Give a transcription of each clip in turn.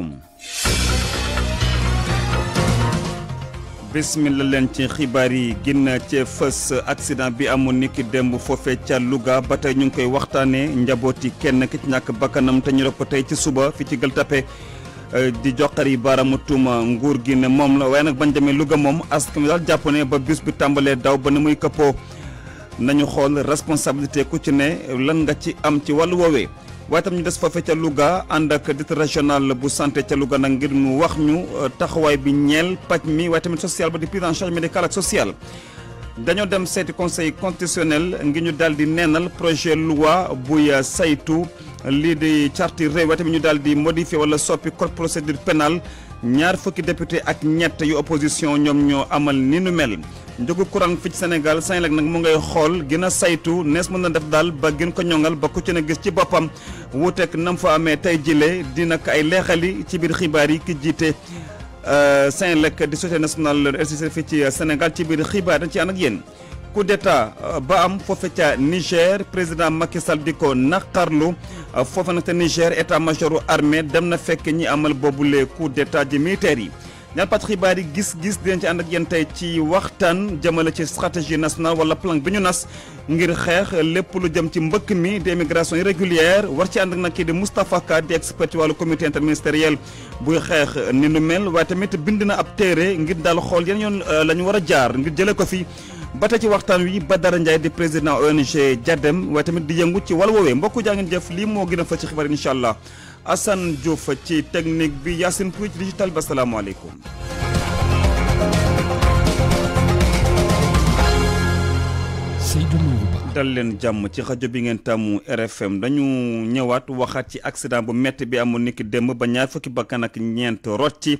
aleykum leen ci xibaar yi ginna ci fës accident bi amoon niki démb foofe ca Louga ba tey ñu ngi koy waxtaanee njabooti kenn ki ci ñàkk bakkanam te ñu rëpp tey ci suba fi ci Gueule Tapée euh, di joxar yi baaraamu tuuma nguur gi ne moom la waaye nag bañ demee Louga moom askan wi daal jàpp ne ba bis bi tàmbalee daw ba ni muy këppoo nañu xool responsabilité ku ci ne lan nga ci am ci wàllu woowee waaye tam ñu des foofe ca Louga ànd ak directeur régional bu santé ca Louga nag ngir mu wax ñu euh, taxawaay bi ñeel paj mi waaye tamit social ba di prise en charge médicale ak sociale dañoo dem seeti conseil constitutionnel ngir ñu daal di neenal projet loi buy euh, saytu lii di charte réew waaye tamit ñu daal di modifier wala soppi code procédure pénale ñaar fukki député ak ñett yu opposition ñoom ñoo amal ni nu mel njëgu courant fi ci Sénégal Senelec nag mu ngay xool gën a saytu nees mën na def daal ba gën ko ñoŋal ba ku ci na gis ci boppam wuuteeg nam fa amee tey jile dina ko ay leexali ci biir xibaar yi ki jiite euh, Senelec di société nationale électricité fii ci euh, Sénégal ci biir xibaar dañ ci ànd ak yéen. coup d'état euh, ba am foofe ca Niger président Macky Sall di ko naqarlu euh, foofe nag ca Niger état majoru armée dem na fekk ñi amal boobule coup d'état ji militaire yi ñaar pat xibaar yi gis-gis dinañ ci ànd ak yéen tey ci waxtaan jëmale ci stratégie nationale wala plan bi ñu nas ngir xeex lépp lu jëm ci mbëkk mi di immigration irrégulière war ci ànd ak nag kii di Moustapha Ka di expert ci wàllu comité interministériel buy xeex ni nu mel waaye tamit bind na ab téere ngir daal xool yan yoon euh, la ñu war jaar ngir jëlee ko fi. ba tey ci waxtaan wi ba dara Ndiaye di président ONG JADEM waaye tamit di yëngu ci wàll woowee mbokku jaa ngeen jëf lii moo gën a fa ci xibaar incha allah Assane Diouf ci technique bi Yacine Pouy ci digital bi asalaamaaleykum. Seydou Nourou dal leen jàmm ci rajo bi ngeen tàmmu RFM dañu ñëwaat waxaat ci accident bu métti bi amul niki démb ba ñaar fukki bakkan ak ñeent rocci.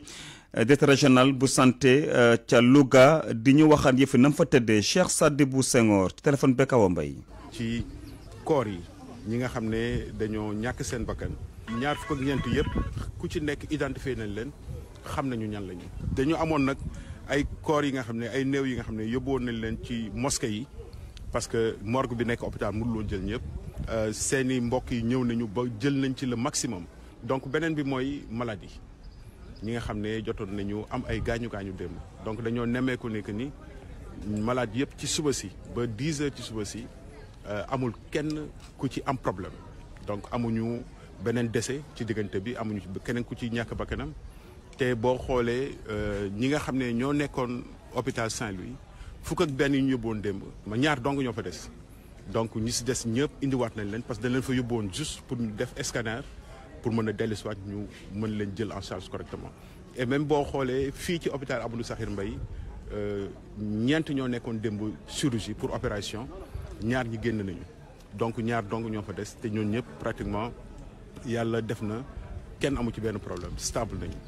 directeur régional bu santé euh, ca Louga di ñu waxaan yëfi nam fa tëddee Cheikh Sadibou Senghor ci téléphone beeg Awa Mbaye ci koor yi ñi nga xam ne dañoo ñàkk seen bakkan ñaar fukk ak ñeent yëpp ku ci nekk identifié nañ leen xam nañu ñan lañu dañu amoon nag ay koor yi nga xam ne ay néew yi nga xam ne yóbbuwoon nañ leen ci mosquée yi parce que morgue bi nekk hôpital mënul woon jël ñëpp euh, seeni mbokk yi ñëw nañu ba jël nañ ci le maximum donc beneen bi mooy maladie ñi nga xam ne jotoon nañu am ay gaañu gaañu démb donc dañoo nemmeeku ne que ni malade yépp ci suba si ba 10 heures ci suba si euh, amul kenn ku ci am problème donc amuñu beneen décès ci diggante bi amuñu keneen ku ci ñàkk bakkanam te boo xoolee euh, ñi nga xam ne ñoo nekkoon hôpital Saint-Louis fukk ak benn ñu yóbboon démb ma ñaar dong ñoo fa des donc ñi si des ñëpp indiwaat nañ leen parce que dañ leen fa yóbboon juste pour ñu def scanner pour mën a dellu si waat ñu mën leen jël en charge correctement et même bon xoolee fii ci hôpital Amadou Sakhir Mbaye euh, ñeent ñoo nekkoon démb chirurgie pour opération ñaar ñi génn nañu donc ñaar dong ñoo fa des te ñoon ñëpp pratiquement yàlla def na kenn amu ci benn problème stable nañu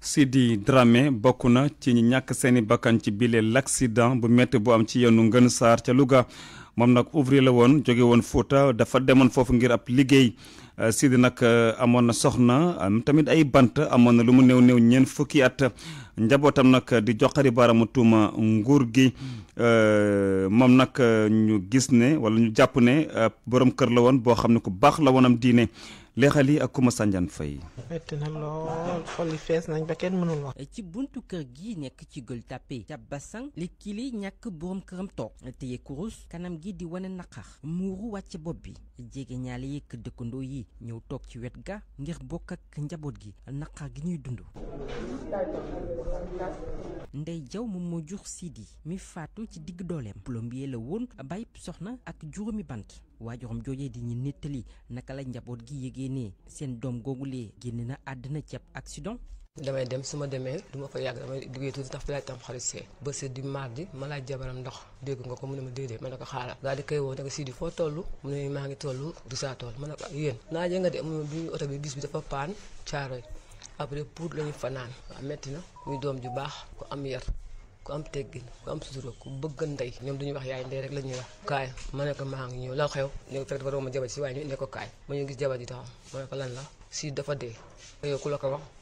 Sidi Dramé bokuna ci ñi ñak seeni bakan ci bile l'accident bu métti bu am ci yoonu Ngën sar ci Louga mom nak ouvrier la won jóge won Fouta dafa démon fofu ngir ap liggéey Euh, Sidi nag euh, amoon na soxna am tamit ay bant amoon na lu mu néew néew ñeent fukki at njabootam nag di joxari baaramu tuuma nguur gi euh, moom nag ñu gis ne wala ñu jàpp ne borom kër la woon boo xam ne ku baax la woonam diine leexal yi ak kuma sànjan fay. metti nañ ba kenn wax. ci buntu kër gi nekk ci gël tàppe ca basang li kili ñàkk borom këram toog téye kurus kanam gi di wane naqar muuru wàcc bopp bi jege ñaale yeeg dëkkandoo yi ñëw toog ci wet ga ngir bokk ak njaboot gi naqar gi ñuy dund Ndey Jaw moom moo jur Sidi mi faatu ci digg dooleem plombier la woon bàyyib soxna ak juróomi bant waajuram joojee di ñu nettali naka la njaboot gi yégee ne seen doom googulee génn na àddina ceeb accident damay dem su ma demee du ma fa yàgg damay duggee tuuti tax fi tam xarit see bési di mardi ma laaj jabaram ndox dégg nga ko mu ne ma déedéet ma ne ko xaaral di koy woo ne ko Sidi foo toll mu ne maa ngi toll du saa toll ma ne ko yéen naa jënga de mu bi oto bi bis bi dafa paan caaroy après pour lañu fanaan metti na muy doom ju baax ku am yar ku am teggin ku am sutura ku bëgg ndey ñoom duñuy wax yaay ndey rek la ñuy wax kaay ma ne ko maa ngi ñëw la xew ne fekk dafa romb jabar si waaye ñu ne ko kaay ma ñu gis jabar ji ma ne lan la si dafa dee yow ku la ko wax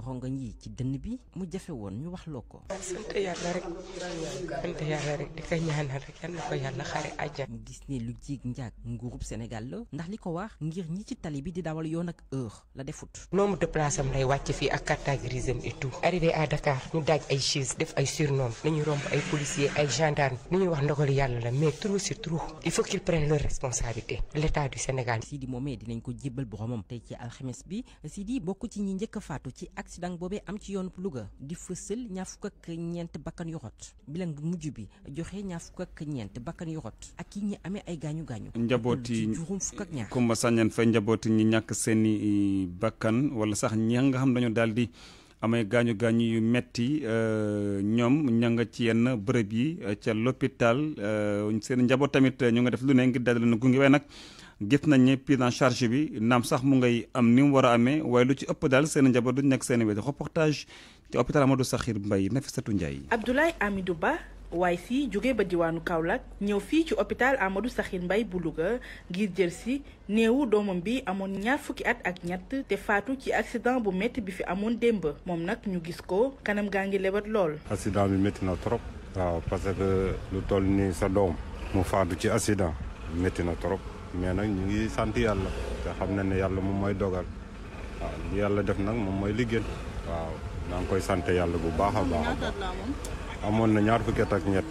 rongoñ ci dënn bi mu jafe woon ñu wax loo ko. sant yàlla rek sant yàlla rek di ko ñaanal rek yal ko yàlla xare àjjana. mu gis ne lu jiig njaag nguurub Sénégal la ndax li ko wax ngir ñi ci tali bi di dawal yoon ak heure la defut. nombre de place am lay wàcc fii ak carte grise am et tout. arrivé à Dakar ñu daaj ay chaise def ay surnom nañu romb ay policiers ay gendarmes ni ñuy wax ndogalu yàlla la mais trop c'est trop il faut qu'ils prennent leur responsabilité ko jébbal accident boobee am ci yoonu Louga di fësal ñaar fukk ak ñeent bakkan yu xot bilan bu mujj bi joxe ñaar fukk ak ñeent bakkan yu xot ak yi ñi amee ay gaañu gaañu. njabooti juróom fukk ak ñaar Kumba Sagnane Faye njabooti ñi ñàkk seeni e, bakkan wala sax ña nga xam dañu daal di. amay gaañu gaañu yu metti e, ñoom ña ci yenn bërëb yi e, ca l'hôpital seen njaboot tamit ñu nga def lu ne ngir daal na gunge waaye nag gis nañ ne prise en charge bi naam sax mu ngay am ni mu war a amee waaye lu ci ëpp daal seen njaboot duñ nekk seen wet reportage ci hôpital Amadou Sakhir Mbaye Nafissatou Ndiaye. Abdoulaye Amidou Ba. waaye si jóge ba diwaanu Kaolack ñëw fii ci hôpital Amadou Sakhir Mbaye bu Louga ngir jël si néewu doomam bi amoon ñaar fukki at ak ñett te faatu ci accident bu métti bi fi amoon démb moom nag ñu gis ko kanam gaa ngi lewat lool. accident bi métti na trop. waaw parce que lu toll ni sa doom mu faatu ci accident métti na trop. mais nag ñu ngi sant yàlla te xam na ne yàlla moom mooy dogal waaw li yàlla def nag moom mooy liggéey waaw naa koy sant yàlla bu baax a baax amoon na ñaar fukki at ak ñett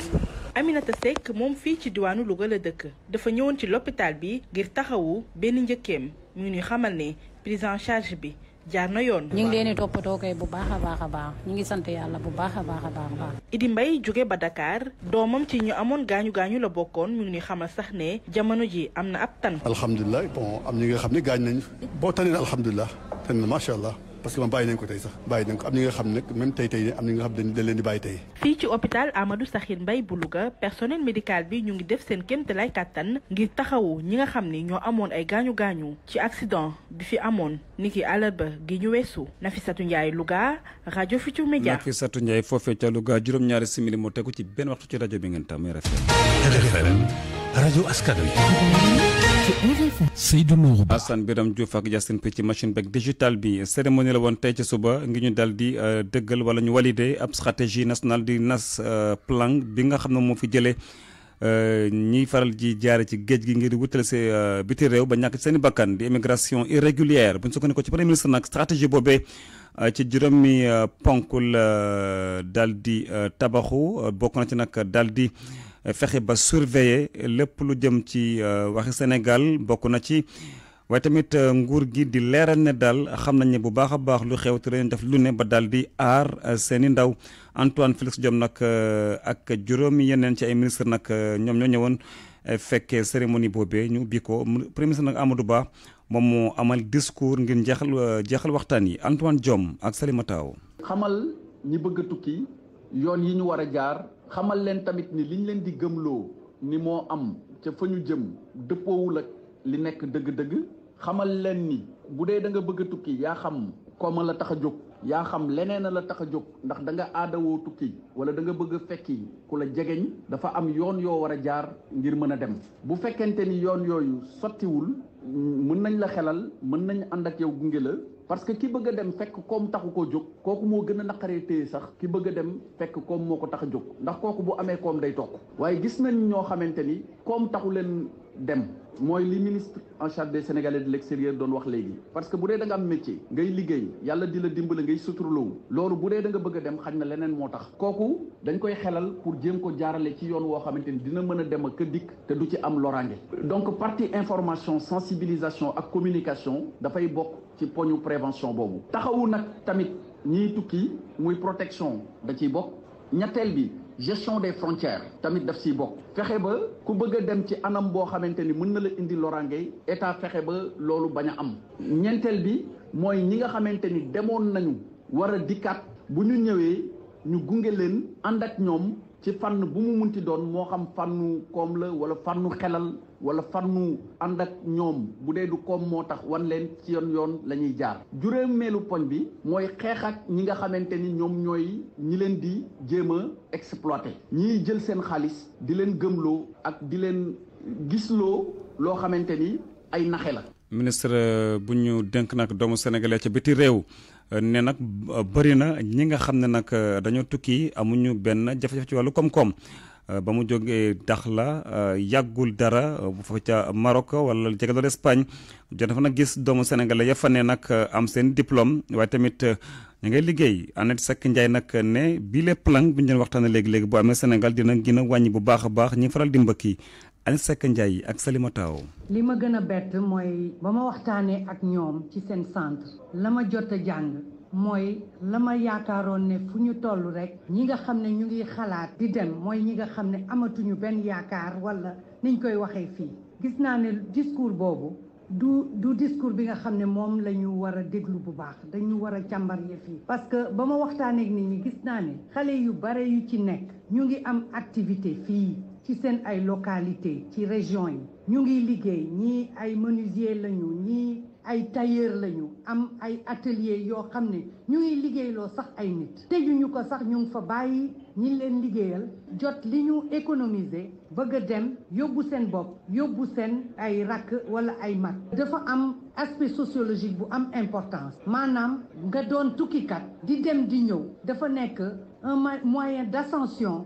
Aminata Seck moom fii ci diwaanu Louga a dëkk dafa ñëwoon ci l'hôpital bi ngir taxawu benn njëkkeem ñu ngi xamal ni prise en charge bi jaar na yoon. ñu ngi leen di toppatoo kay bu baax a baax a baax ñu ngi sant yàlla bu baax a baax a baax a baax. Idi Mbaye jóge ba dakaar doomam ci ñu amoon gaañu gaañu la bokkoon mu ngi ñuy xamal sax ne jamono ji am na ab tan. alhamdulilah bon am ñi nga xam ne gaañ nañu boo taneen alhamdulilah tan macha allah. parce que moom bàyyi nañ ko tey sax bàyyi nañ ko am ñi nga xam nag même tey tey am ñi nga xam dañ leen di bàyyi tey fii ci hôpital Amadou Sakhir Mbaye bu Louga personnel médical bi ñu ngi def seen kéemtalaay kàttan ngir taxawu ñi nga xam ni ñoo amoon ay gaañu-gaañu ci accident bi fi amoon ni ki àllarba gi ñu weesu Nafisatu Ndiaye Louga rajo Futurs fi Nafisatu Ndiaye foofee ca Louga juróom-ñaari simili moo tegu ci benn waxtu ci rajo bi ngeen tàmm RFM rajo askan wi. Seydou Nourou Ba. Assane Biram Diouf ak Yacine P ci machine beeg digital bi cérémonie la woon tey ci suba ngi ñu dal di euh, dëggal wala ñu valider ab stratégie nationale di nas euh, plan bi nga xam ne moo fi jëlee. Euh, ñiy faral ji jaare ci géej gi ngir wutale si biti réew ba ñàkk seen i bakkan di immigration irrégulière bu ñu sukkandikoo ci premier ministre nag stratégie boobee ci juróomi ponkul daldi di tabaxu bokk na ci nag daal fexe ba surveiller lépp lu jëm ci euh, waxi Sénégal bokk na ci waaye tamit euh, nguur gi di leeral ne daal xam nañ ne bu baax a baax lu xew te def lu ne ba daal di aar euh, seeni ndaw Antoine Félix Diome nag ak juróomi yeneen ci ay ministre nag ñoom ñoo ñëwoon fekkee cérémonie boobee ñu ubbi ko premier ministre nag Amadou Ba moom moo amal discours ngir jeexal jeexal waxtaan yi Antoine Diome ak Salimata xamal ñi bëgg a tukki yoon yi ñu war a jaar xamal leen tamit ni liñ leen di gëmloo ni moo am ca fa ñu jëm dëppoowul ak li nekk dëgg-dëgg xamal leen ni bu dee da nga bëgg a tukki yaa xam kooma la tax a jóg yaa xam leneen a la tax a jóg ndax danga nga aadawoo tukki wala da nga bëgg a fekki ku la jegeñ dafa am yoon yoo war a jaar ngir mën a dem bu fekkente ni yoon yooyu sottiwul mën nañ la xelal mën nañ ànd ak yow gunge la parce que ki bëgg dem fekk koom taxu koo jóg kooku moo gën a naqaree téye sax ki bëgg dem fekk koom moo ko tax a jóg ndax kooku bu amee koom day toog waaye gis nañ ñoo xamante ni koom taxu leen dem mooy li ministre en charge des sénégalais de l'extérieur doon wax léegi parce que bu dee da nga am métier ngay liggéey yàlla di la dimbale ngay suturloo loolu bu dee da nga bëgg a dem xañ na leneen moo tax kooku dañ koy xelal pour jéem ko jaarale ci yoon woo xamante ni dina mën a dem ak dikk te du ci am loraange donc partie information sensibilisation ak communication dafay bokk ci poñu prévention boobu taxawu nag tamit ñiy tukki muy protection da ciy bokk ñetteel bi gestion des frontières tamit daf siy bokk fexe ba ku bëgg a dem ci anam boo xamante ni mën na la indi loraange état fexe ba loolu bañ a am ñeenteel bi mooy ñi nga xamante ni demoon nañu war a dikkaat bu ñu ñëwee ñu gunge leen ànd ak ñoom ci fànn bu mu munti doon moo xam fànnu koom la wala fànnu xelal wala fànnu ànd ak ñoom bu dee du koom moo tax wan leen ci yoon yoon lañuy jaar jaar juróomeelu poñ bi mooy xeex ak ñi nga xamante ni ñoom ñooy ñi leen di jéem a exploité ñiy jël seen xaalis di leen gëmloo ak di leen gisloo loo xamante ni ay naxe la ministre bu ñu dénk nag doomu sénégalais ca biti réew ne nag euh, bëri na ñi nga xam ne nag euh, dañoo tukki amuñu benn jafe-jafe ci wàllu koom-koom euh, ba mu jógee dax la yàggul dara bu fa ca Maroc wala jege loolu Espagne jot fa nag gis doomu sénégalais ya fa ne nag am seen diplôme waaye tamit ñu ngay liggéey Annette Seck Ndiaye nag ne bii les plan bu ñu doon waxtaanee léegi léegi bu amee Sénégal dina gën a wàññi bu baax a baax ñi faral di mbëkk yi Aline Seck yi ak Salima Taw li ma gën a bett mooy ba ma waxtaanee ak ñoom ci seen centre la ma jot a jàng mooy la ma yaakaaroon ne fu ñu toll rek ñi nga xam ne ñu ngi xalaat di dem mooy ñi nga xam ne amatuñu benn yaakaar wala niñ koy waxee fii gis naa ne discours boobu du du discours bi nga xam ne moom la ñu war a déglu bu baax dañu war a càmbar yëf parce que ba ma waxtaaneek ak nit ñi gis naa ne xale yu bare yu ci nekk ñu ngi am activité fii ci seen ay localité ci région ñu ngi liggéey ñii ay menuisier lañu ñii ay tailleur lañu am ay atelier yoo xam ñu ngi liggéeyloo sax ay nit ko sax ñu fa ñi leen jot dem aspect sociologique bu am importance maanaam nga doon di dem di un moyen d'ascension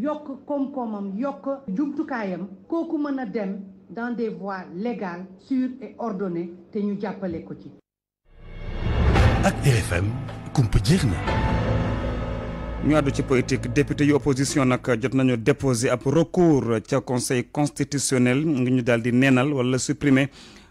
yokk koom-koomam yokk jumtukaayam kooku mën a dem dans des voies légales sûres et ordonnées te ñu jàppale ko ci. ak RFM kumpa jeex na. ñu àddu ci politique député yu opposition nag jot nañu déposé ab recours ca conseil constitutionnel ngi ñu daal di neenal wala supprimer.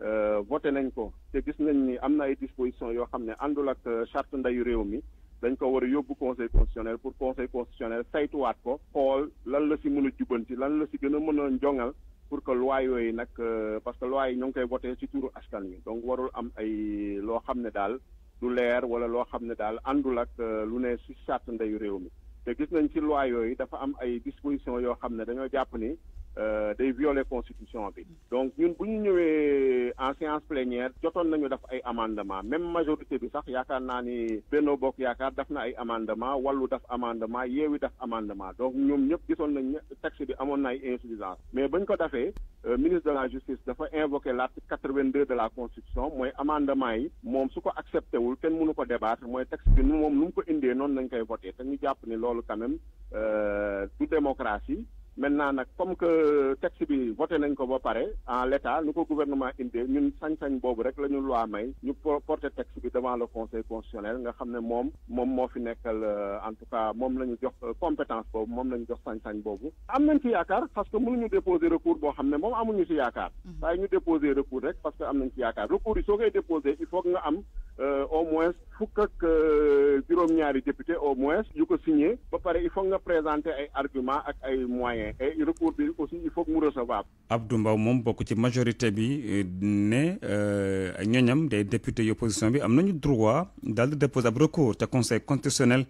Euh, voté nañ ko te gis nañ ni am na ay dispositions yoo xam ne àndul ak euh, charte ndayu réew mi dañ ko war a yóbbu conseil constitutionnel pour conseil constitutionnel saytuwaat ko xool lan la si mën a jubanti lan la si gën a mën a njongal pour que loi yooyu nag euh, parce que loi yi ñoo ngi koy voté si turu askan wi donc warul am ay loo xam ne daal du leer wala loo xam ne daal àndul ak lu ne si charte ndayu réew mi te gis nañ ci loi yooyu dafa am ay dispositions yoo xam ne dañoo jàpp ni Euh, day violer constitution bi donc ñun bu ñu ñëwee en séance plénière jotoon nañu def ay amendement même majorité bi sax yaakaar naa ni Benno Bokk Yaakaar def na ay amendement wàllu def amendement Yewwi def amendement donc ñoom ñëpp gisoon nañ texte bi amoon na ay insuffisance mais bañ ko defee euh, ministre de la justice dafa invoquer l'article quatre de la constitution mooy amendement yi moom su ko accepté wul kenn mënu ko débattre mooy texte bi nu moom nu mu ko indee noonu nañ koy voter te ñu jàpp ni loolu quand même euh, du démocratie maintenant nak comme que texte bi voté nañ ko ba paré en l'état nu ko gouvernement indee ñun sañ-sañ bobu rek lañu loi may ñu porter texte bi devant le conseil constitutionnel nga xamné mom mom moom fi nekkal euh, en tout cas mom lañu jox euh, compétence bobu mom lañu jox sañ-sañ bobu am nañ ci yaakar parce que ñu déposer recours bo xamné mom amuñu ci yaakaar waaye mhm. ñu déposer recours rek parce que am nañ ci yaakar recours yi so koy déposer il faut que nga am euh, au moins faut euh, que juróom-ñaari député au moins yu ko signé parce pare il faut nga présenter ay arguments et ay moyens et recours aussi il faut que mu recevable. Abdou Mbow moom bokk ci majorité bi euh, ne ñoñam des députés opposition bi am droit dal de déposer un recours ca conseil constitutionnel.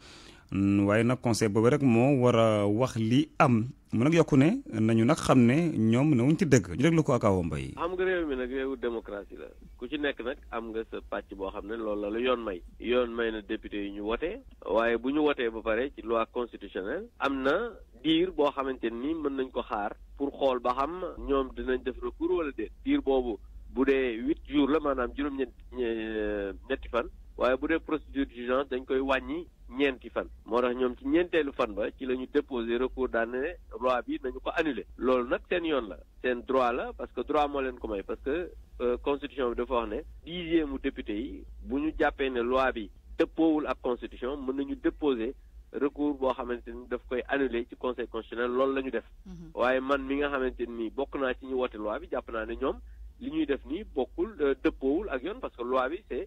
Mm, waaye nag conseil boobu rek moo war a wax li am mu nag yokku ne nañu nag xam ne ñoom newuñ ci dëkk ñu déglu ko ak awa mbay xam nga réew mi nag réewu démocratie la ku ci nekk nag am nga sa pàcc boo xam ne loolu la la yoon may yoon may na député yi ñu wote waaye bu ñu wotee ba pare ci loi constitutionnelle am na diir boo xamante ni mën nañ ko xaar pour xool ba xam ñoom dinañ def recours wala de diir boobu bu dee huit jours la maanaam juróom-ñetti ñetti fan waaye bu dee procédure d'urgence dañ koy wàññi ñeenti fan moo tax ñoom ci ñeenteelu fan ba ci la déposé recours daan ne loi bi nañu ko annulé loolu nag seen yoon la seen droit la parce que droit moo leen ko may parce que euh, constitution bi dafa wax ne dixième député yi bu ñu jàppee ne loi bi dëppoowul ak constitution mën nañu déposé recours boo xamante ni daf koy annulé ci conseil constitutionnel loolu la ñu def mhm. waaye man mi nga xamante ni bokk naa ci ñu wote loi bi jàpp naa ne ñoom li ñuy def nii bokkul euh, dëppoowul ak yoon parce que loi bi c'est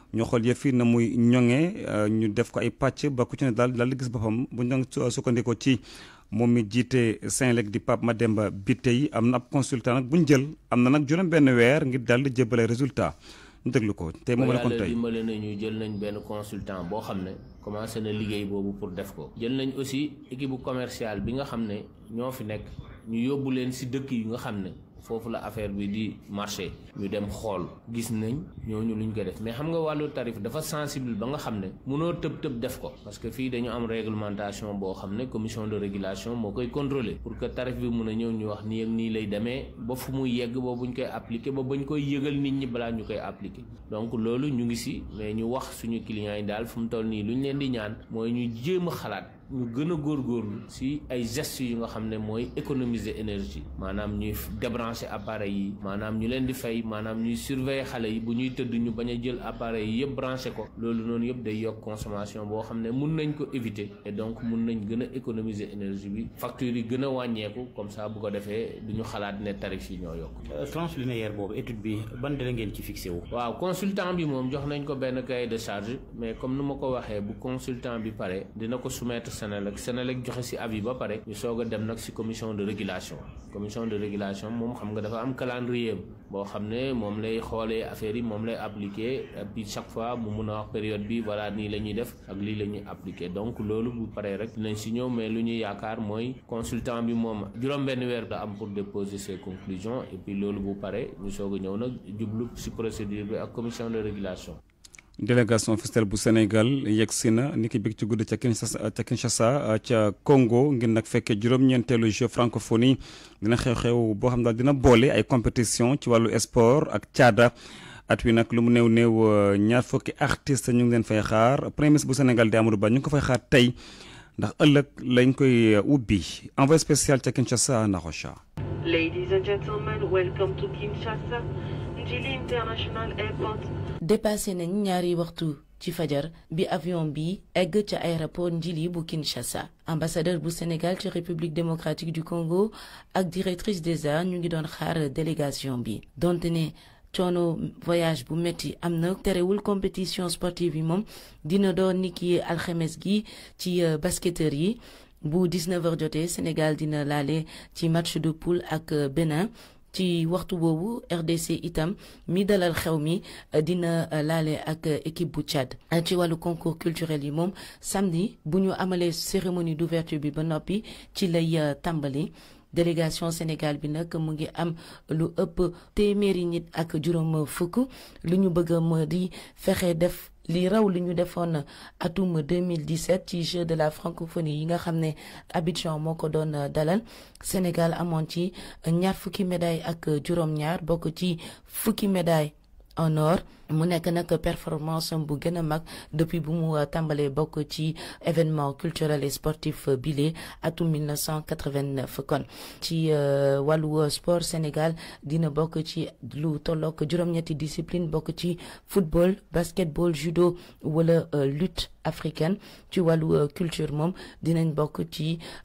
ñoo xool yëf yi na muy ñoŋee euh, ñu def ko ay pàcc ba ku ci ne daal daal gis boppam bu ñu sukkandikoo ci moom mi jiite Senelec di Pape Mademba Bitèye am na ab consultant bu ñu jël am na nag juróom-benn weer ngir daal di jébbale résultat ñu déglu ko tey moom la kon tey dimbale nañu jël nañ benn consultant boo xam ne commencé na liggéey boobu pour def ko. jël nañ aussi équipe commercial bi nga xam ne ñoo fi nekk ñu yóbbu leen si dëkk yi nga xam ne. foofu la affaire bi di marché ñu dem xool gis nañ ñooñu luñ ko def mais xam nga wàllu tarif dafa sensible ba nga xam ne munoo tëb tëb def ko parce que fii dañu am réglementation boo xam ne commission de régulation moo koy contrôler pour que tarif bi mun a ñëw ñu wax nii ak nii lay demee ba fu mu yegg ba buñ koy appliquer ba ba bañ koy yëgal nit ñi balaa ñu koy appliquer donc loolu ñu ngi si mais ñu wax suñu clients yi daal fu mu toll nii luñ leen di ñaan mooy ñu jéem a xalaat ñu gën a góorgóorlu si ay gestes yi nga xamné moy économiser énergie manam ñuy débrancher appareil manam ñu leen di fay manam ñuy surveiller xalé yi bu ñuy teud ñu baña jël appareil yi yëpp branché ko lolu non yëpp day yok consommation bo xamné mën nañ ko éviter et donc mën nañ gëna économiser énergie bi facture yi gëna a wàññeeku comme ça bu ko défé duñu xalaat né tarif yi ñoo yok yokk. Euh, translinéaire bobu étude bi ban délai ngeen ci fixé wu. waaw consultant bi mom jox nañ ko ben cahier de charge mais comme numa ko waxé bu consultant bi paré dina ko soumettre Senelec Senelec joxe si avis ba pare ñu soog a dem nag si commission de régulation commission de régulation moom xam nga dafa am calendrier boo xam ne moom lay xoolee affaire yi moom lay appliquer et puis chaque fois mu mun a wax période bi voilà nii la ñuy def ak lii la ñuy appliquer donc loolu bu paree rek nañ si ñëw mais lu ñuy yaakaar mooy consultant bi moom juróom-benn weer la am pour déposer ses conclusions et puis loolu bu paree ñu soog a ñëw nag jublu si procédure bi ak commission de régulation délégation officielle du Sénégal niki ci Kinshasa Congo ngir nak jeu francophonie dina xew-xew bo xam compétition ci walu sport ak tiada at wi euh, ñaar artiste ñu ngi fay xaar premier bu Sénégal envoyé spécial Kinshasa Ladies and gentlemen, welcome to Kinshasa, International Airport dépassé nañ ñaari waxtu ci fajar bi avion bi egg ci aéroport Ndjili, bu Kinshasa ambassadeur bu Sénégal ci République démocratique du Congo ak directrice des arts ñu ngi doon xaar délégation bi donte ne coono voyage bu metti am na compétition sportive yi moom dina doon ni ki alxemes gi ci euh, basketteur yi bu 19h jotee Sénégal dina lalé ci match de poule ak euh, Bénin ci waxtu woowu RDC itam mi dalal xew mi euh, dina euh, laale ak euh, équipe bu Tchad ci wàllu concours culturel yi moom samedi bu ñu amalee cérémonie d'ouverture bi ba noppi ci lay tàmbali délégation Sénégal bi nag mu ngi am lu ëpp téeméeri nit ak juróom fukk lu ñu bëgg di fexe def li raw li ñu atum 2017 ci jeu de la francophonie yi nga xam Abidjan Mokodon Dalan, dalal Sénégal a ci ñaar fukki médaille ak juróom-ñaar bokk ci en or mu performance bu gën depuis bu mu euh, événement culturel et sportif à tout 1989 kon euh, euh, sport Sénégal dina ci lu discipline football basketball judo wala lutte africaine ci wàllu culture dinañ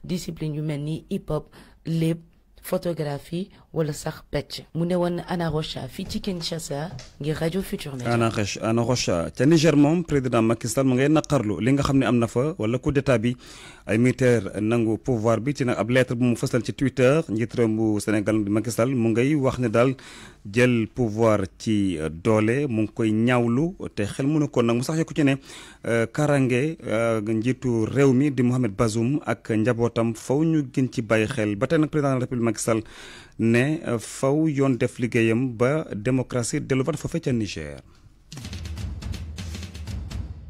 discipline yu hip hop lépp photographie wala sax pecc mu ne woon Anna Rocha fii ci Kinshasa ngir rajo Futur Media. Anna Rocha Anna Rocha ca Niger moom président Macky Sall mu ngay naqarlu li nga xam ne am na fa wala coup d'état bi ay militaire nangu pouvoir bi ci nag ab lettre bu mu fasal ci Twitter njiit réew Sénégal di Macky Sall mu ngay wax ne daal jël pouvoir ci euh, doole mu ngi koy ñaawlu te xel mënu ko nag mu sax yokku ci ne euh, karange euh, njiitu réew mi di Mohamed Bazoum ak njabootam faw ñu gin ci bàyyi xel ba tey nag président de la République ne euh, faw yon def liggéeyam ba démocratie delluwaat fofé ca Niger.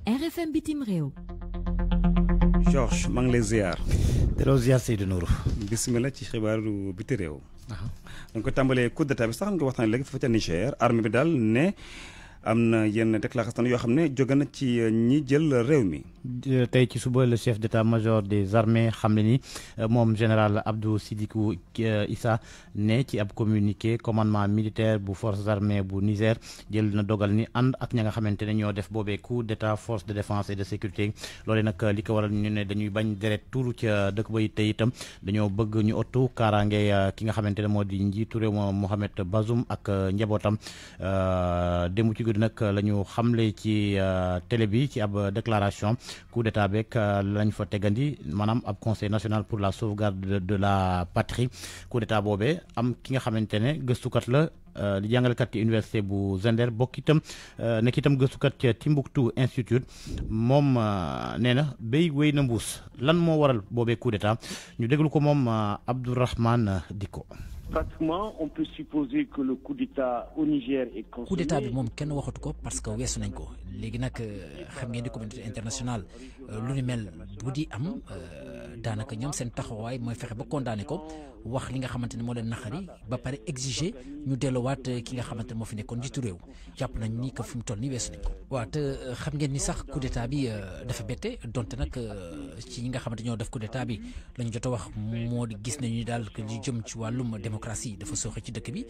RFM bitim réew. Georges maa lay ziar. delloo ziar Seydou Nourou. bisimilah ci xibaaru biti réew. donc tambalé coup d'état bi sax nga waxtaan léegi fofé ca Niger armée bi dal ne amna yenn déclaration yoo xam ne jóge na ci ñi jël réew mi. Euh, tey ci suba le chef d'état-major des armées xam ne ni euh, moom général Abdou sidikou euh, Issa né ci ab communiqué commandement militaire bu forces armées bu Niger jël na dogal ni and ak ña nga xamante ne ñoo def boobee coup d'état force de défense et de sécurité lolé nak liko waral ñu né dañuy bañ deret tuuru ci dëkk ba te itam dañoo bëgg ñu auto karangé ki nga xamante ne moo di njiitu réew Mohamed Bazoum ak euh demu ci nag lañu xamlé ci euh, télé bi ci ab déclaration coup d'état beeg euh, lañ fa tegandi manam ab conseil national pour la sauvegarde de la patrie coup d'état bobé am ki nga xamantene ne gëstukat la euh, jangal kat ci université bu Zender bokk itam nekk itam gëstukat Timbuktu Institute mom Néna, na béy na mbuus lan mo waral bobé coup d'état ñu déglu ko mom Abdourahmane Diko pratiquement on peut supposer que le coup d'état au Niger est consommé. coup d'état bi mom kenn waxatu ko parce que wessu nañ ko léegi nak euh, xam ngeen di communauté internationale euh, lu ni mel bu di am euh, daanaka ñom seen taxawaay moy fexé ba condamné ko wax li nga xamante ne moo leen naqari ba pare exiger ñu delluwaat euh, ki nga xamante ne moo fi nekkoon njiitu réew jàpp nañ ni que fi mu toll ni weesu nañ ko. waaw te euh, xam ngeen ni sax coup d'état bi euh, dafa bette donte nag ci ñi nga xamante ñoo def coup d'état bi lañ jot a wax moo di gis nañu daal que di jëm ci wàllum démocratie dafa sooxe ci dëkk bi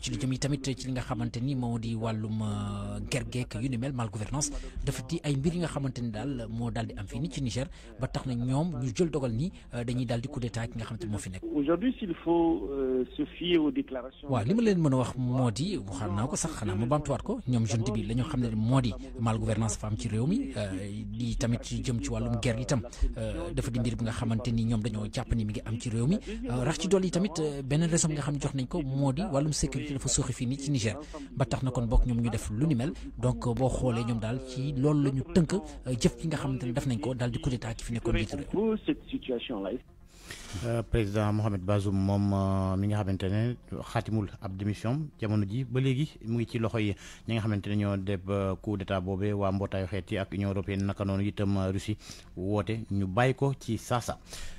ci li jëm yi tamit ci li nga xamante ni moo di wàllum gergeek yu ni mel mal gouvernance dafa ti ay mbir yi nga xamante ni daal moo daal di am fii ni ci Niger ba tax na ñoom ñu jël dogal ni dañuy daal di coup d'état ki nga xamante moo fi nekk s'il faut euh, se fier aux déclarations. waaw li ma leen wax modi di waxaat ko sax xanaa ma bamtuwaat ko ñom junte bi lañu xamné modi mal gouvernance femme ci réew euh, di tamit ci jëm ci walum guerre itam euh, dafa di mbir bi nga xamanteni ñom ñoom dañoo jàpp ni mi ngi am ci réew rax ci doli tamit beneen raison nga xam jox nañ ko modi walum sécurité dafa suuxi fi ni ci Niger ba tax na kon bok ñom ñu def lu ni mel donc bo xolé ñom dal ci loolu lañu teunk jëf yi nga xamanteni daf nañ ko dal di coup d'état ki fi nekkoon njiitu réew euh, président Mohamed Bazoum mom euh, mi nga xamantene khatimul xaatimul ab démission jamono ji ba léegi mu ngi ci loxo yi ñi nga xamantene ne ñoo def euh, coup d'état boobee waa mbootaayu xeet yi ak Union européenne naka noonu itam Russie woté ñu bayiko ci saasa.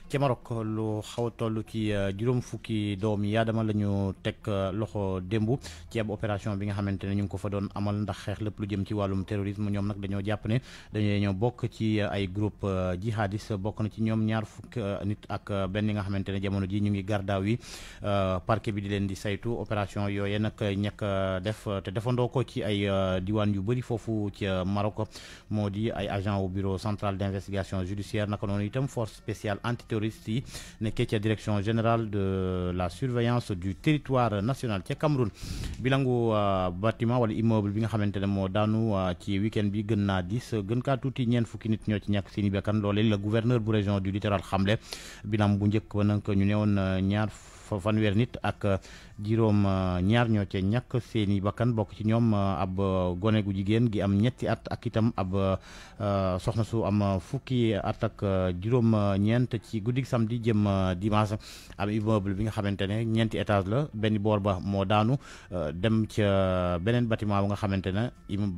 ci Maroc lu xaw a ci juroom fukki doom yi yaadama lañu tek loxo dembu ci ab opération bi nga xamantene ñu ko fa doon amal ndax xex lepp lu jëm ci walum terrorisme ñom nak dañoo jàpp ne dañoo bok ci ay groupe jihadiste bokk na ci ñom ñaar fukki nit ak benn ni nga xamantene jamono ji ñu ngi wi euh parquet bi di len di saytu opération yooye nak ñek def te defandoo ko ci ay euh, diwaan yu bari fofu ci euh, Maroc Modi ay agent au bureau central d'investigation judiciaire nak non itam force spéciale antiterroriste ne nekkee ca direction générale de la surveillance du territoire national ca Cameroun bilangu euh, bâtiment wala immeuble bi nga xamantene mo daanu ci week-end bi gën na 10 gën ka tuuti ñen fukki nit ñoo ci ñàkk seeni bakkan lolé le gouverneur bu région du littoral xamlé bilan bu bu njëkk ba nag ñu newoon euh, ñaar fanweer nit ak euh, juróom euh, ñaar ñoo ca ñàkk seeni bakkan bokk ci ñoom ab gone gu jigéen gi am ñetti at ak itam ab soxna su am fukki at ak juróom ñeent ci guddig samedi jëm dimanche am immeuble bi nga xamante ne ñeenti étage la benn boor ba moo daanu dem ca beneen bâtiment bu nga xamante ne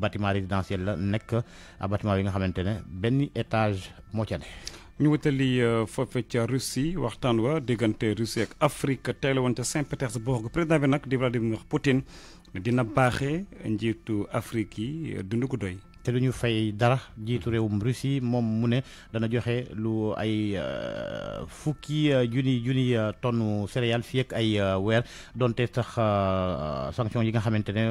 bâtiment résidentiel la nekk bâtiment bi nga xamante ne benn étage moo ca ne ñu wutali euh, foofe ca Russie waxtaan wa diggante Russie ak Afrique teelawante Saint-Pétersbourg président bi nag di Vladimir Poutine dina baaxee njiitu Afrique yi euh, dund ko doy. te lu ñu fay dara jiitu réewum Russie moom mu ne dana joxe lu ay euh, fukki euh, junni junni euh, tonne céréales fii ak ay weer donte sax sanction yi nga xamante ne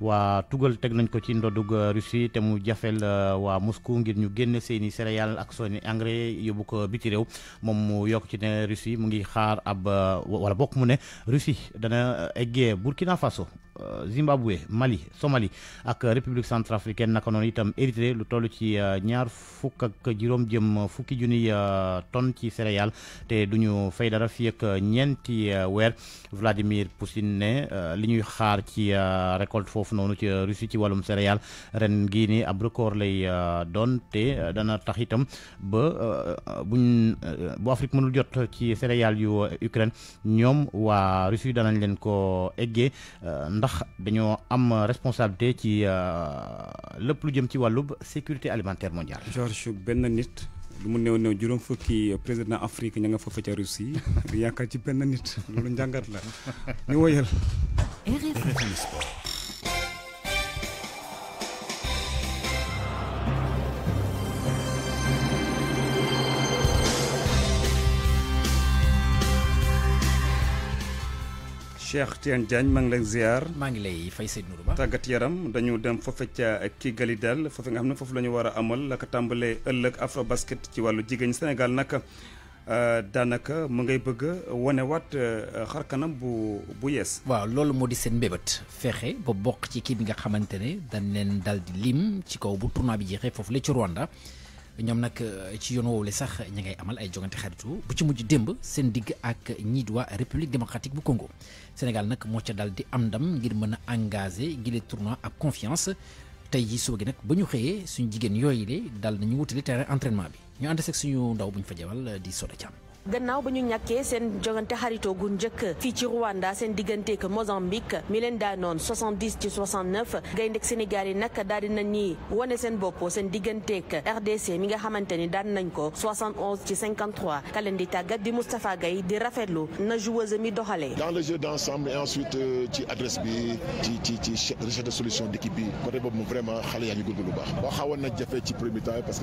waa tugal teg nañ ko ci ndodug Russie te mu jafel waa Moscou ngir ñu génn seeni céréales ak seeni engrais yóbbu ko biti réew moom mu yokk ci ne Russie mu ngi xaar ab wala bokk mu ne Russie dana eggee Burkina Faso Euh, Zimbabwe Mali Somalie ak République centrafricaine naka noonu itam Érythrée lu tollu ci euh, ñaar Fuki, ak juróom jëm fukki euh, tonne ci céréales te duñu fay dara fi ak Vladimir Poutine né liñuy xaar ci récolte fofu ci Russie ci walum céréales ren Guinea, ni ab record lay don te dana tax itam ba bu Afrique mënul jot ci céréales yu Ukraine ñom Wa, Russie danañ leen ko ndax dañoo am responsabilité ci euh, lépp lu jëm ci wàllub sécurité alimentaire mondiale. George benn nit. lu mu néew néew juróom fukki président Afrique ña nga foofa ca Russie yaakaar ci benn nit loolu njàngat la ñu woyal. Cheikh Tidiane Diagne maa ngi lay ziar. maa ngi lay fay Seydou Nourou Ba. tàggat yaram dañu dem foofe ca Kigali daal foofe nga xam ne foofu la ñu war a amal la ko tàmbalee ëllëg afro basket ci wàllu jigéen Sénégal nag euh, daanaka mu ngay bëgg a wanewaat euh, xarkanam bu bu yees. waaw loolu moo di seen mbébét fexe ba bokk ci kii bi nga xamante ne dañ leen dal di lim ci kaw bu tournoi bi jeexee foofu la ci Rwanda. ñoom nag euh, ci yoon woowule sax ña ngay amal ay jogante xaritu bu ci mujj démb seen digg ak ñii di waa république démocratique bu kongo Sénégal nag moo ca dal di am ndam ngir mën a engagé gile tournoi ak confiance tey ji suba gi nag ba ñu xëyee suñu jigéen yooyu le dal nañu wutale terrain entraînement bi ñu ànd seeg suñu ndaw bu ñu fa jawal euh, di Soda Thiam gannaaw ba ñu ñàkkee seen jogante xaritoo gu njëkk fii ci Rwanda seen digganteek Mozambique mi leen daanoon 70 ci 69 gaynde Sénégal yi nag daal di nañuy wane seen bopp seen digganteek RDC mi nga xamante ni daan nañ ko 71 ci 53 ka leen di tàggat di Moustapha Gaye di rafetlu na joueuse mi doxalee. dans le jeu d'ensemble et ensuite euh, ci adresse bi ci ci ci recherche de solution d'équipe bi côté boobu moom vraiment xale yaa ngi baax. boo xawoon na jafe ci premier temps parce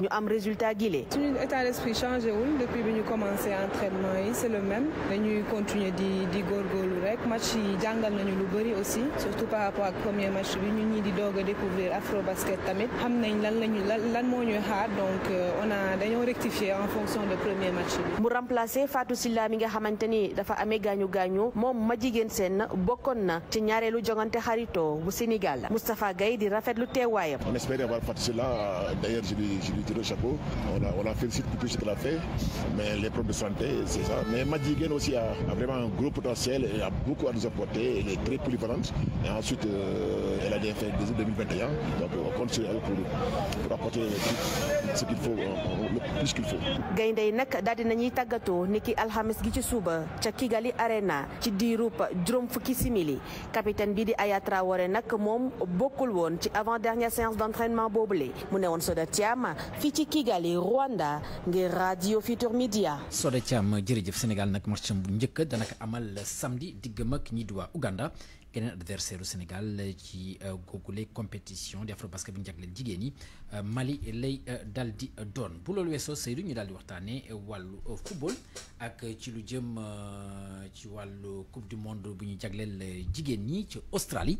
ñu am résultat gile. suñu état d'esprit changé wul depuis bi ñu commencé entraînement c'est le même dañuy continuer di di góorgóorlu rek match yi jàngal nañu lu bëri aussi surtout par rapport au premier match Nous avons ñi di basket Nous découvrir Afrobasket tamit xam nañ lan lañu lan lan xaar donc euh, on a dañoo en fonction du premier match bi. mu remplacer Fatou Silla mi nga xamante ni dafa amee gaañu gaañu moom ma jigéen seen bokkoon na ci ñaareelu jongante xaritoo bu Sénégal Moustapha Gaye di rafetlu teewaayam. on espérait avoir Fatou Silla d'ailleurs je lui lui chapeau. On a on la félicite pour tout ce qu'elle a fait, mais les problèmes de santé, c'est ça. Mais Madiguen aussi a, vraiment un gros potentiel, et a beaucoup à nous apporter, elle est très polyvalente. Et ensuite, euh, elle a bien fait dès 2021, donc euh, on compte sur elle pour, apporter tout ce qu'il faut, euh, le plus qu'il faut. gaynde Nak, nag daal Tagato, niki Alhamis gi ci Arena ci Drum Fukisimili, capitaine Bidi Ayatra Warenak, mom Bokulwon, avant dernière séance d'entraînement boblé, mu ne fii ci Kigali Rwanda ngir radio Futur Media. Soda Thiam jërëjëf Sénégal nag match bu njëkk dana ko amal samedi diggam ak ñi di waa Uganda. geneen adversaire u Sénégal ci euh, googule compétition de di Afrobasket bu ñu jagleel jigéen ñi euh, Mali lay euh, dal di doon bu loolu weesoo Seydou ñu daal di waxtaanee wàllu football ak ci lu jëm ci wàllu coupe du monde bu ñu jagleel jigéen ñi ci Australie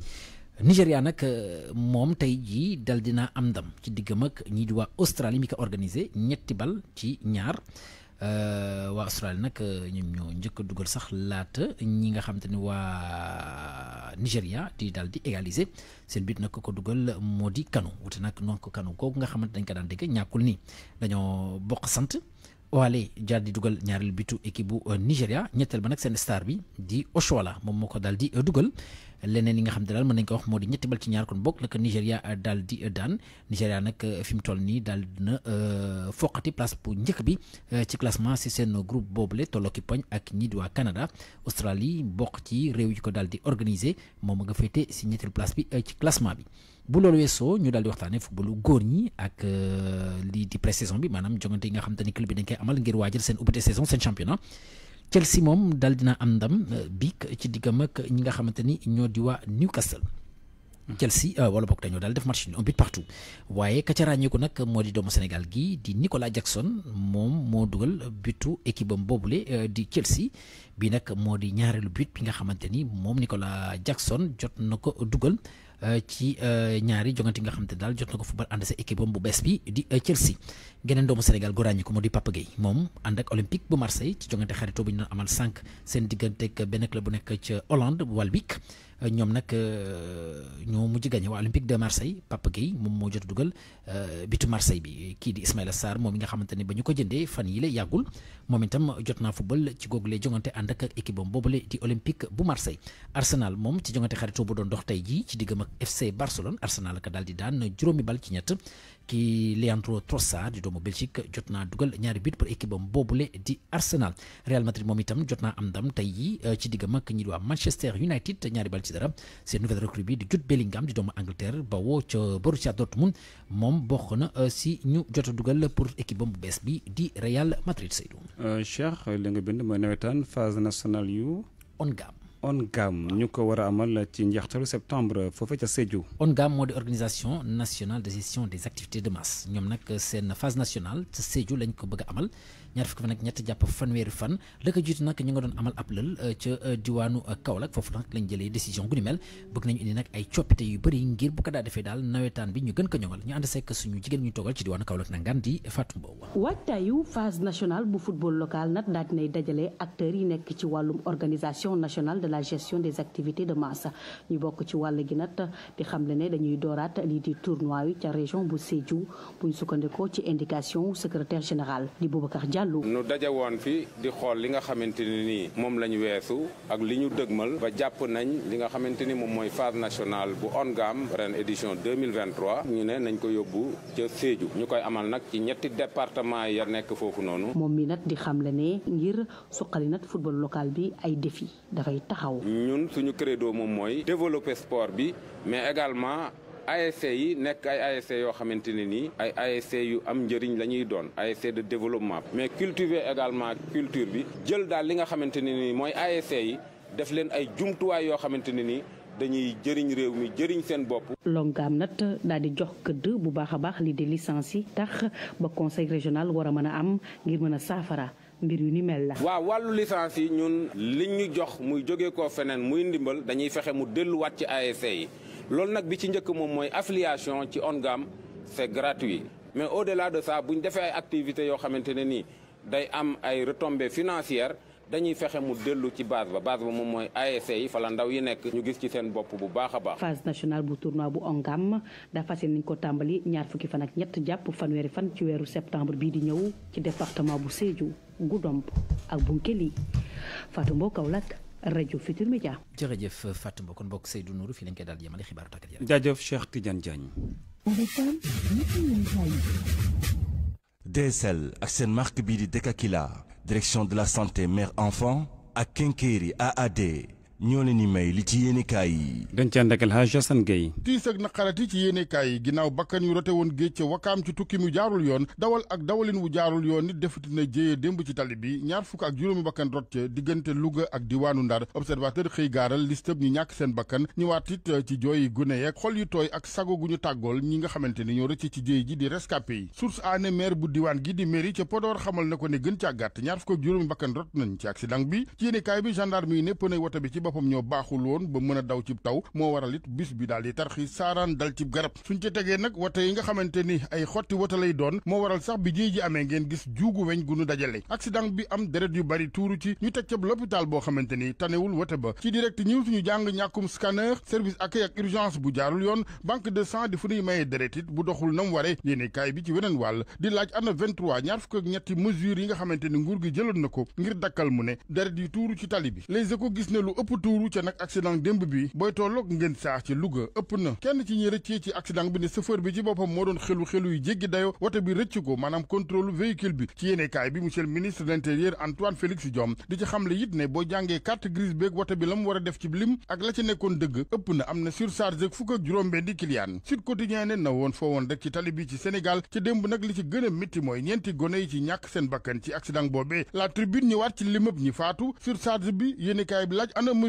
Nigéria nag euh, moom tey jii dal di dina am ndam ci diggam ak ñii di waa Australie mi ko organisé ñetti bal ci ñaar euh, waa Australie nag euh, ñoom ñoo njëkk a dugal sax laata ñi nga xam ni ne waa Nigéria di daal di égaliser seen biit nag ko dugal moo di kanu wute nag noonu ko kanu kooku nga xamante dañ ko daan dégg ñàkkul nii dañoo bokk sant waale jaar di dugal ñaareelu bitu équipe bu Nigéria ñetteel ba nag seen star bi di Oshoala moom moo ko daal di dugal. leneen yi nga xam ne daal mën nañ ko wax moo di ñetti bal ci ñaar kon bokk la Nigeria Nigéria daal di daan Nigeria nag euh, fi mu toll nii daal dina euh, foqati place bu njëkk bi euh, ci classement si seen groupe boobule tolloo ki poñ ak ñi di waa Canada Australie bokk ci réew yi ko daal di organiser moom nga féete si ñetteelu place bi ci classement bi. bu loolu weesoo ñu daal di waxtaanee footballu góor ñi ak lii di pré-saison bi maanaam jongante yi nga xam te club bi dañ koy amal ngir waajal seen ubbite saison seen championnat. Chelsea moom dal dina am ndam euh, biig ci diggam ak ñi nga xamante ni ñoo di waa Newcastle. Hmm. Chelsea euh, wala boog dañoo daal def match un but partout waaye ka ca ràññeeku nag moo di doomu Sénégal gi di Nicolas Jackson moom moo dugal butu équipe am boobule euh, di Chelsea bi nag moo di ñaareelu but bi nga xamante ni moom Nicolas Jackson jot na ko dugal. Euh, ci euh, ñaari jongante nga xam te daal jot na ko football ànd sa équipe am bu bees bi di euh, Chelsea geneen doomu Sénégal gu ràññi ko mu di Papa moom ànd ak Olympique bu Marseille ci jongante xaritoo bu ñu doon amal sànq seen diggante ak benn club bu nekk ca Hollande Walbeek ñoom nag euh, ñoo mujj gagné waa Olympique de Marseille Papa Gueye moom moo jot dugal euh, bitu Marseille bi kii di Ismaïla Sarr moom mi nga xamante ne ba ñu ko jëndee fan yi la yàggul moom itam jot naa football ci googu lay jongante ànd ak équipe am boobule di Olympique bu Marseille. Arsenal moom ci jongante xaritoo bu doon dox tey jii ci diggam ak FC Barcelone Arsenal ka daal di daan juróomi bal ci ñett. ki Leandro Trossard di doomu Belgique jot naa dugal ñaari but pour équipe am boobule di Arsenal Real Madrid moom itam jot naa am ndam tey yi euh, ci diggam ak ñi di waa Manchester United ñaari bal ci dara seen nouvelle recrue bi di Jude Bellingham di doomu Angleterre ba woo ca Borussia Dortmund moom bokk na euh, si ñu jot a dugal pour équipe bu bees bi di Real Madrid Seydou. Euh, Cheikh li nga bind mooy nawetaan phase nationale yu ONGAM. On ñu ko wara amal ci njeextalu septembre foofe ca Sédhiou. On moo mode organisation nationale de gestion des activités de masse ñoom nag seen phase nationale ca Sédhiou lañ ko bëgg amal. ñaar fukki fan ak ñett jàpp fanweeri fan la ko jiitu nag ñu nga doon amal ab lël euh, ca euh, diwaanu euh, Kaolack foofu nag lañ jëlee décision gu ni mel bëgg nañu indi nag ay coppite yu bëri ngir bu ko defee daal nawetaan bi ñu gën ko ñoŋal ñu ànd sekk suñu jigéen ñu toogal ci diwaanu Kaolack nangaan di Fatou Mbow waajtaayu phase nationale bu football local nag daal dinay dajale acteurs yi nekk ci wàllum organisation nationale de la gestion des activités de masse ñu bokk ci wàll gi nag di xamle ne dañuy dooraat lii di tournoi yi ca bu Sédhiou buñ ci indication secrétaire général di Diallo. nu daje woon fi di xool li nga xamante ne nii moom la ñu weesu ak li ñu dëgmal ba jàpp nañ li nga xamante ni moom mooy phase nationale bu ONGAM ren édition 2023 ñu ne nañ ko yóbbu ca Sédhiou ñu koy amal nag ci ñetti département ya nekk foofu noonu. moom mi di xam ne ngir suqali nag football local bi ay défi dafay taxaw. ñun suñu credo moom mooy développer sport bi mais également. ASC yi nekk ay ASC yoo xamante ne nii ay ASC yu am njëriñ la ñuy doon ASC de développement mais cultiver également culture bi jël daal li nga xamante ne nii mooy ASC yi def leen ay jumtuwaay yoo xamante ne nii dañuy jëriñ réew mi jëriñ seen bopp. Longaam nag daa di jox këdd bu baax a baax li di licence yi tax ba conseil régional war a mën a am ngir mën a safara mbir yu ni mel la. waaw wàllu licence yi ñun liñ ñu jox muy jóge ko feneen muy ndimbal dañuy fexe mu delluwaat ci ASC yi. loolu nak bi ci njëkk mom moy affiliation ci ONGAM c'est gratuit mais au-delà de ça buñ défé ay activités yo xamante ni day am ay retombées financières dañuy fexé mu déllu ci base ba base ba mom moy ASC yi fala ndaw yi nek ñu gis ci seen bop bu baaxa baax. phase nationale bu tournoi bu ONGAM da seen nañ ko tàmbali ñaar fukki fan ak ñett jàpp fanweeri fan ci wéru septembre bi di ñëw ci département bu Sédhiou Goudomp ak Bounkiling Fatou Mbow Kaolack radio futur media jërëjëf Fatou Mbow kon mbokk Seydou Nourou fii lañ koy dal di xibaaru tàggat Cheikh Tidiane Diagne. DSL ak Marc Bidi di Dekakila direction de la santé mère enfant à Kenkeri AAD. ñoo leen di may li ci yéenekaay yi dañ ci ànd ak El Hadj Assane Gueye tiis ak naqarat ci yéenekaay yi ginnaaw bakkan yu rote woon géej ca wakaam ci tukki mu jaarul yoon dawal ak dawalin wu jaarul yoon nit defati na jéye démb ci tali bi ñaar fukk ak juróomi bakkan rot ca diggante Louga ak diwaanu Ndar observateur xëy gaaral listab ñu ñàkk seen bakkan ñu waatit uh, ci jooyi gune yeeg xol yu tooy ak sago gu tàggool ñi nga xamante ni ñoo rëcc ci jéye ji di rescapé yi gi di mairie ca Podor xamal gën caa gàtt ñaar fukk ak juróomi bakkan rot nañ boppam ñoo baaxul woon ba mën a daw cib taw moo waral bis bi daal di tarxi saaraan dal cib garab suñ ci tegee nag wate yi nga xamante ni ay xotti wata lay doon moo waral sax bi jéey ji amee ngeen gis juugu weñ gunu dajale accident bi am deret yu bari tuuru ci ñu teg cab l'hôpital boo xamante ni tanewul wate ba ci direct ñëw suñu jàng ñàkkum scanner service accueil ak urgence bu jaarul yoon banque de sang di fu nuy mayee deret it bu doxul nam ware yéene kaay bi ci weneen wàll di laaj ana 23 ñaar fukk ak ñetti mesures yi nga xamante ni nguur gi jëloon na ko ngir dakkal mu ne deret yu tuuru tali bi les tuuru ca nag accident démb bi booy tolloog ngeen saax ci Louga ëpp na kenn ci ñi rëccee ci accident bi ne chauffeur bi ci boppam moo doon xelu xelu jéggi dayo woto bi rëcc ko maanaam contrôle véhicule bi ci yéenekaay bi monsieur ministre de l'intérieur Félix Diome di ci xamle it ne boo jàngee carte grise beeg woto bi la war a def ci lim ak la ci nekkoon dëgg ëpp na am na surcharge ak fukk juróom-benn di client Sud Quotidien ne na woon foo woon rek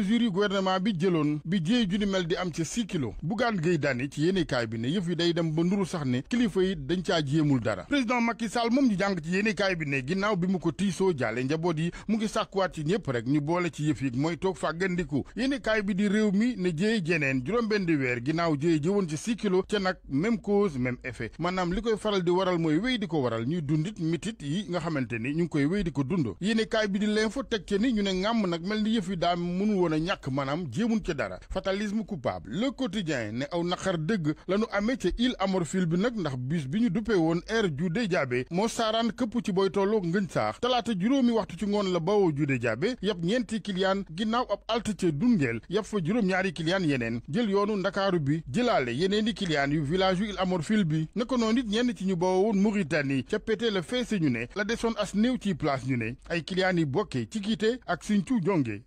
mesures yi gouvernement bi jëloon bi jéey ju ni mel di am ca six kilos Bougane Gueye Dany ci yéenekaay bi ne yëf yi day dem ba nduru sax ne kilifa yi dañ caa jéemul dara président Macky Sall moom ñu jàng ci yéenekaay bi ne ginnaaw bi mu ko tiisoo jaale njaboot yi mu ngi sàkkuwaat ci ñëpp rek ñu boole ci yëf yi mooy toog fàggandiku yéenekaay bi di réew mi ne jéey jeneen juróom-benn di weer ginnaaw jéey jëwoon ci six kilos ca nag même cause même effet maanaam li koy faral di waral mooy di ko waral ñuy dundit mitit yi nga xamante ni ñu ngi koy wéy ko dund ñu ne ngàmm nag mel woon a ñàkk maanaam jéemun ca dara fatalisme coupable le quotidien ne aw naqar dëgg la ñu amee ca île amorphile bi nag ndax bus bi ñu duppee woon air jude jaabe moo saaraan këpp ci boy tolloo ngëñ saax talaata juróomi waxtu ci ngoon la bawoo jude jaabe yab ñeenti kiliyaan ginnaaw ab alt ca dungeel yab fa juróom-ñaari kiliyaan yeneen jël yoonu ndakaaru bi jëlaale yeneeni kiliyaan yu village yu île fil bi naka noonu it ñenn ci ñu bawoo woon Mauritanie ca pété la feese ñu ne la desoon as néew ci place ñu ne ay kiliyaan yi bokke ci kiite ak sincu jonge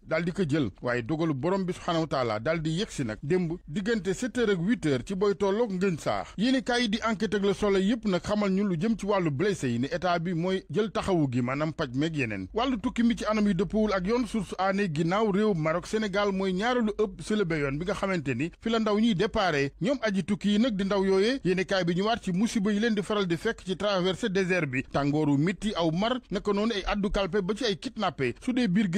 waaye dogalu borom bi subhaanahu wa taala daal di yegsi nag démb diggante sept heures ak huit heures ci boy tolloog ngën saax yéenekaay yi di enquête ak Le Soleil yépp nag xamal ñu lu jëm ci wàllu blessé yi ne état bi mooy jël taxawu gi maanaam paj meeg yeneen wàllu tukki mi ci anam yu dëppawul ak yoon source aané ginnaaw réew Maroc Sénégal mooy ñaareelu ëpp sëlëbe yoon bi nga xamante ni fi la ndaw ñuy déparé ñoom aji tukki yi nag di ndaw yooyee yéenekaay bi ñëwaat ci musiba leen di faral di fekk ci traversé désert bi tàngooru mitti aw mar naka noonu ay addu kalpe ba ci ay kidnappé su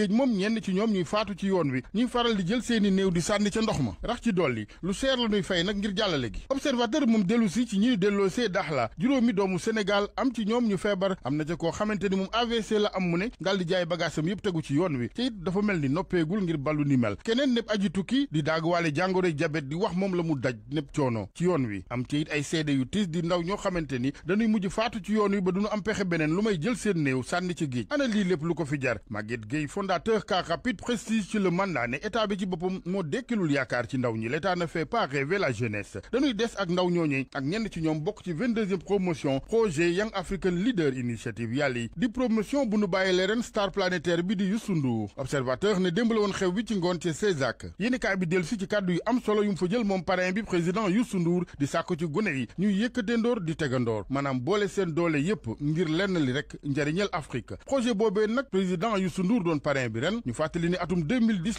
moom ñenn ci ñoom ñuy faatu ci yoon wi bi ñuy faral di jël seeni néew di sànni ca ndox ma rax ci dolli lu seer la ñuy fay nag ngir jàllale gi observateur moom dellu si ci ñuy delloo see dax la juróomi doomu Sénégal am ci ñoom ñu feebar am na ca koo xamante ni moom AVC la am mu ne ngal di jaay bagaasam yëpp tegu ci yoon wi te it dafa mel ni noppeegul ngir ballu ni mel keneen népp aji tukki di daaguwaale jàngoroy jabet di wax moom la mu daj népp coono ci yoon wi am te it ay seede yu tiis di ndaw ñoo xamante ni dañuy mujj faatu ci yoon wi ba duñu am pexe beneen lu may jël seen néew sànni ci géej ana lii lu ko fi jar Maguette Gueye mandat ne état bi ci boppam moo dekkilul yaakaar ci ndaw ñi l'état ne fait pas rêver la jeunesse dañuy des ak ndaw ñooñu ak ñenn ci ñoom bokk ci 22 deuxième promotion projet Young African Leader Initiative yàlli di promotion bu nu bàyyilee ren star planétaire bi di Youssou Ndour observateur ne démb la woon xew bi ci ngoon ci Césac yéenekaay bi del si ci kàddu yu am solo yu mu fa jël moom parrain bi président Youssou Ndour di sàkk ci gune yi ñuy yëkkatendoor di tegandoor maanaam boole seen doole yépp ngir lenn li rek njariñel Afrique projet boobee nag président Youssou Ndour doon parrain bi ren ñu fàttali ni atum 2010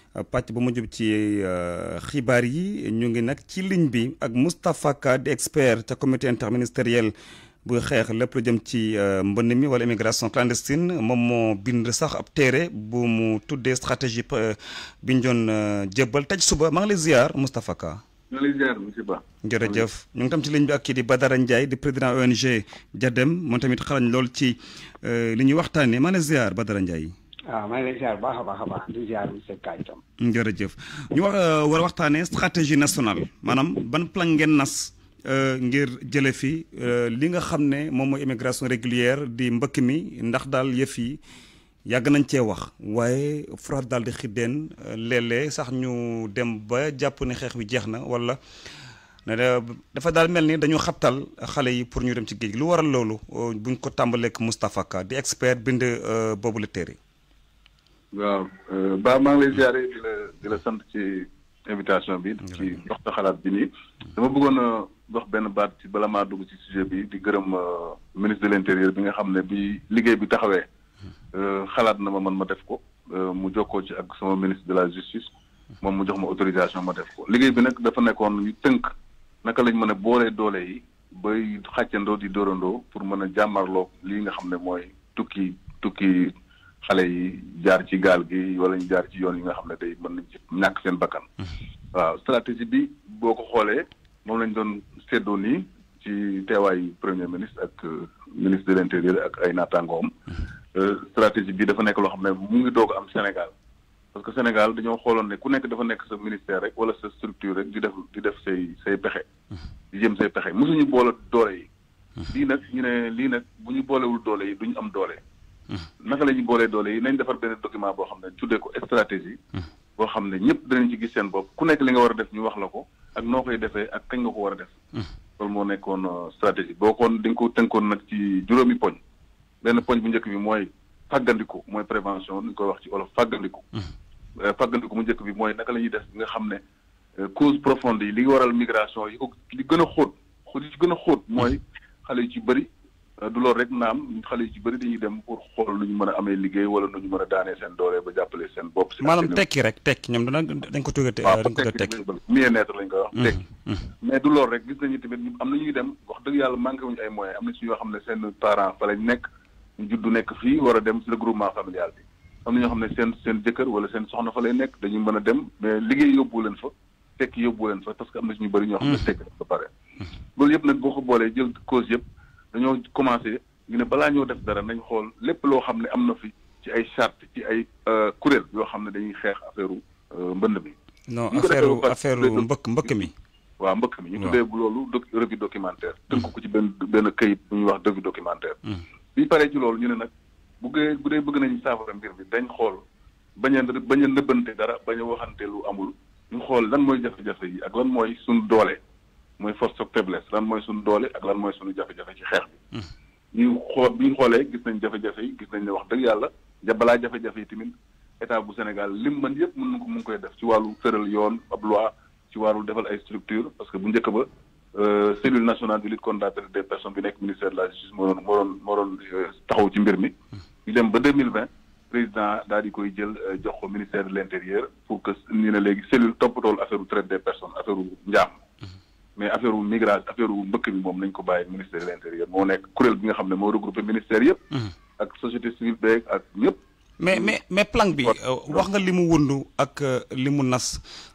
pàcc bu mujjub ci euh, xibar yi ñu ngi nak ci ligne bi ak mustapha kad expert ta comité interministériel bu xex lepp lu jëm ci euh, mbënn mi wala immigration clandestine mom mo bind sax ab téré bu mu tuddee stratégie euh, bi ñu doon jébbal taj suba maa ngi lay ziar mustapha Ka. maa ngi ziar monsieur jërëjëf ñu ngi tam ci ligne bi ak kii di Badara Ndiaye di président ONG Jadem moom tamit xalañ lool ci li ñuy waxtaanee maa ngi ziar Badara Ndiaye. waaw ah, maa baax a baax a baax jërëjëf ñu wax euh, war a waxtaanee stratégie nationale maanaam ban plan ngeen nas euh, ngir jële fi euh, li nga xam ne moom mooy immigration régulière di mbëkk mi ndax daal yëf yi yàgg nañ cee wax waaye FRAPP daal di xiddeen léeg sax ñu dem ba jàpp ne xeex bi jeex na wala dafa daal mel ni dañu xabtal xale yi pour ñu dem ci géej lu waral loolu buñ ko tàmbaleek Moustapha Ka di expert bind boobu la téere waaw Ba maa ngi lay ziare di la di la sant ci invitation bi ci jox sa xalaat bi nii dama bëggoon a wax benn baat ci bala maa dugg ci sujet bi di gërëm ministre de l' intérieur bi nga xam ne bi liggéey bi taxawee xalaat na ma man ma def ko mu jokkoo ci ak sama ministre de la justice moom mu jox ma autorisation ma def ko liggéey bi nag dafa nekkoon ñu tënk naka lañ mën a boolee doole yi bay xàccandoo di dóorandoo pour mën a jàmmarloo lii nga xam ne mooy tukki tukki xale yi jaar ci gaal gi wala ñu jaar ci yoon yi nga xam ne day mën nañ ci ñàkk seen bakkan. Hmm. waaw stratégie bi boo ko xoolee moom lañ doon séddoo nii ci teewaayu premier ministre ak euh, ministre de l' ak ay naataangoom. Hmm. Euh, stratégie bi dafa nekk loo xam ne mu ngi doog am Sénégal. parce que Sénégal dañoo xooloon ne ku nekk dafa nekk sa ministère rek wala sa structure rek di def di def say say pexe. Hmm. di jëm say pexe mosuñu boole doole yi. lii nag ñu ne lii nag bu ñu boolewul doole yi duñu am doole. naka la ñuy boolee doole yi nañ defar benn document boo xam ne tuddee ko stratégie. Hmm. boo xam ne ñëpp danañ ci gis seen bopp ku nekk li nga war a def ñu wax la ko ak noo koy defee ak kañ nga ko war a def. Hmm. loolu moo nekkoon euh, stratégie boo kon di nga ko tënkoon nag ci juróomi poñ benn poñ bu njëkk bi mooy fàggandiku mooy prévention ñu koy wax ci olof fàggandiku. Hmm. Euh, fàggandiku mu njëkk bi mooy naka la ñuy def nga xam ne euh, cause profonde yi li waral migration yi li gën a xóot li ci gën a xóot mooy xale yu ci bëri. Euh, du loolu rek naam xale yu ci bëri dañuy dem pour xool nu ñu mën a amee liggéey wala nu ñu mën a daanee seen doole ba jàppale seen bopp. seen maanaam tekki rek tekki ñoom dana dañ ko tuddee. dañ ko tuddee tekki mieux mm, mm. tamit am na ñuy dem wax dëgg yàlla manqué wuñu ay moyens am na ci ñoo xam ne seen parents fa lañ nekk ñu juddu nekk fii war a dem ci regroupement familial bi. am na ñoo xam ne seen seen jëkkër wala seen soxna fa lay nekk dañuy mën a dem mais liggéey yóbbu leen fa tekki yóbbu leen fa parce que am na ci ñu bëri ñoo xam ne mm. tekki dafa yëpp nag boo ko boolee jël cause yëpp dañoo commencé ñu ne balaa ñoo def dara nañ xool lépp loo xam ne am na fi ci ay charte ci ay euh, kuréel yoo xam ne dañuy xeex affaire euh, mbënd mi. non affaire affaire mbëkk mbëkk mi. waaw mbëkk mi ñu tuddee loolu doc revue documentaire. Mm. tënk ko ci benn benn këyit bu ñuy wax revue documentaire. Mm. bi paree ci loolu ñu ne nag bu gee bu dee bëgg nañu saafara mbir bi dañ xool bañ a bañ a nëbbante dara bañ a waxante lu amul ñu xool lan mooy jafe-jafe yi ak lan mooy suñu doolee mooy force ak faiblesse lan mooy suñu doole ak lan mooy suñu jafe-jafe ci xeex bi. Hmm. ñu xool bi ñu xoolee gis nañ jafe-jafe yi gis nañ ne wax dëgg yàlla balaa jafe-jafe yi tamit état bu Sénégal lim man yëpp mën na ko mu ngi koy def ci wàllu tëral yoon ab loi ci wàllu defal ay structure parce que bu njëkk ba euh, cellule nationale de lutte contre la traite des bi nekk ministère de la justice moo doon moo doon euh, taxaw ci mbir mi. Hmm. ñu dem ba deux mille vingt président daal di koy jël euh, jox ko ministère de l' intérieur pour que ñu ne léegi cellule toppatool affaire traite des personnes affaire njaam. mais affaire wu migration affaire wu mbëkk bi moom nañ ko bàyyi ministère de l' intérieur moo nekk kuréel bi nga xam ne moo regroupé ministère yëpp. Hmm. ak société civile beeg ak ñëpp. mais mais mais plan bi euh, wax nga li mu ak euh, li mu nas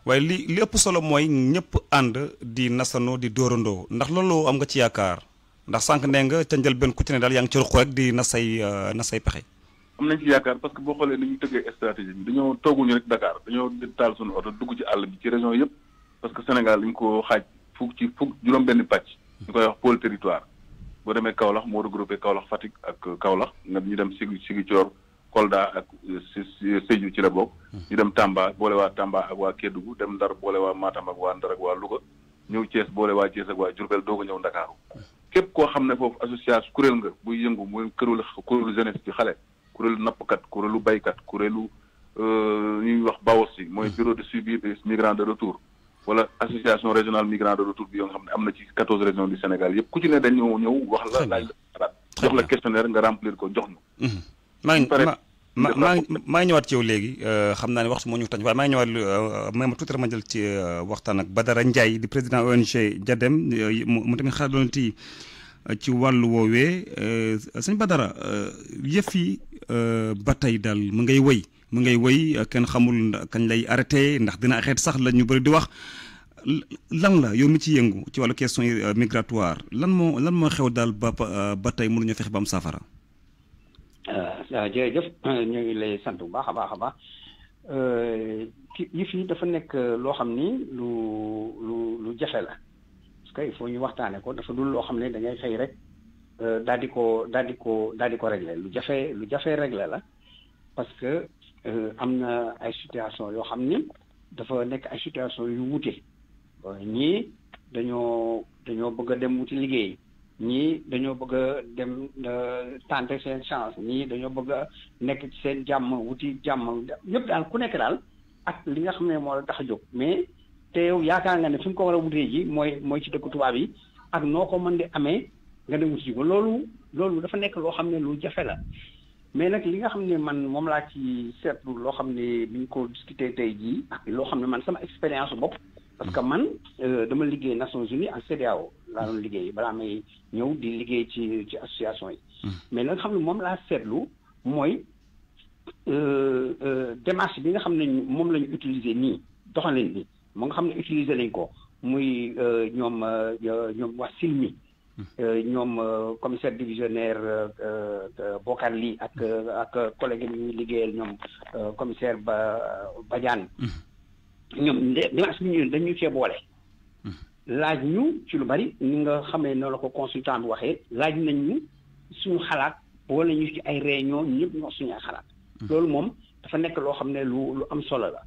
waaye li li ëpp solo mooy ñëpp ànd di nasandoo di dóorandoo ndax loolu am nga ci yaakaar ndax sànq nee nga ca njël benn ku ci ne daal yaa ngi ci ruq rek di nasay euh, nasay pexe. am nañ ci yaakaar parce que boo xoolee ni ñu tëggee stratégie bi dañoo rek Dakar dañoo taal suñu oto dugg ci àll bi ci région yëpp parce que Sénégal xaaj. fukk ci fukk juróom benni pàcc. ñu koy wax pôle territoire. boo demee Kaolack moo regroupé Kaolack Fatick ak kawlax nga ñu dem Sigi Sigicoor Kolda ak euh, Sédhiou ci la bokk. Hmm. ñu dem Tamba boole waa Tamba ak waa Kédougou dem Ndar boole waa Matam ak waa Ndar ak waa Louga. ñëw cees boole waa Thiès ak waa Diourbel doog a ñëw Ndakaaru. Hmm. képp koo xam ne foofu association kuréel nga buy yëngu muy kuréelu kuréelu jeunesse ci xale. kuréelu nappkat kuréelu baykat kuréelu euh, ñuy wax BAOS yi mooy hmm. bureau de suivi retour. wala association régionale migrants de retour bi yoo nga xam ne am na ci quatorze régions du Sénégal yëpp ku ci ne dañ ñëw ñëw wax la laaj la jox la questionnaire nga remplir ko jox ñu. Mhm. maa ngi ma maa maa ngi ñëwaat ci yow léegi euh, xam naa ne su moo ñu tañ waaye maa ngi ñëwaat euh, ma tuuti rek ma jël ci euh, waxtaan ak Badara Ndiaye di président ONG Jadem mu tamit ti ci wàllu woowee sëñ Badara yëf yi ba tey daal mu ngay wëy. mu ngay woy kenn xamul kañ lay arrêté ndax dina arrêté sax la ñu bëri di wax lan la yow mu ci yëngu ci wàllu question euh, migratoire lan moo lan moo xew daal ba ba euh, tey mënuñu fexe ba am saafara. Euh, jërëjëf ñu ngi lay sant bu baax a baax a baax yëf yi dafa nekk loo xam ni lu lu lu jafe la parce que il faut ñu waxtaane ko dafa dul loo xam ne dangay xëy rek daal di ko daal di ko daal di ko réglé lu jafe lu jafe réglé la parce que Euh, am na ay situation yoo xam ni dafa nekk ay situation yu wute ñii dañoo dañoo bëgg a dem wuti liggéey ñii dañoo bëgg a dem euh, tenter seen chance ñii dañoo bëgg a nekk ci seen jàmm wuti jàmm ñëpp daal ku nekk daal ak li nga xam ne moo tax jóg mais te yaakaar nga ne fi nga ko war a wutee ji mooy mooy ci dëkk tubaab yi ak noo ko mën di amee nga dem wuti ji loolu loolu dafa nekk loo xam ne lu jafe la mais nag li nga xam ne man moom laa ci seetlu loo xam ne bi ko discuter tey jii loo xam ne man sama expérience bopp parce que man euh, dama liggéey Nations Unies ak CEDEAO laa doon liggéey balaa may ñëw di liggéey ci ci association yi hmm. mais la nga xam ne moom laa seetlu mooy euh, euh, démarche bi nga xam ne moom lañu utiliser nii doxalin bi moo nga xam ne utiliser lañ ko muy ñoom ñoom wax silmi Euh, ñoom euh, commissaire divisionnaire euh, Bokar Ly ak ak collègue yi ñuy liggéeyal ñoom commissaire ba Badiane mm-hmm. ñoom dimanche bi ñu dañu cee boole mm-hmm. laaj ñu ci lu bari ni nga xamee noonu ko consultant bi waxee laaj nañ ñu suñu xalaat boole ñu ci ay réunion ñëpp ñu wax suñu ay xalaat mm-hmm. loolu moom dafa nekk loo xam ne lu lu am solo la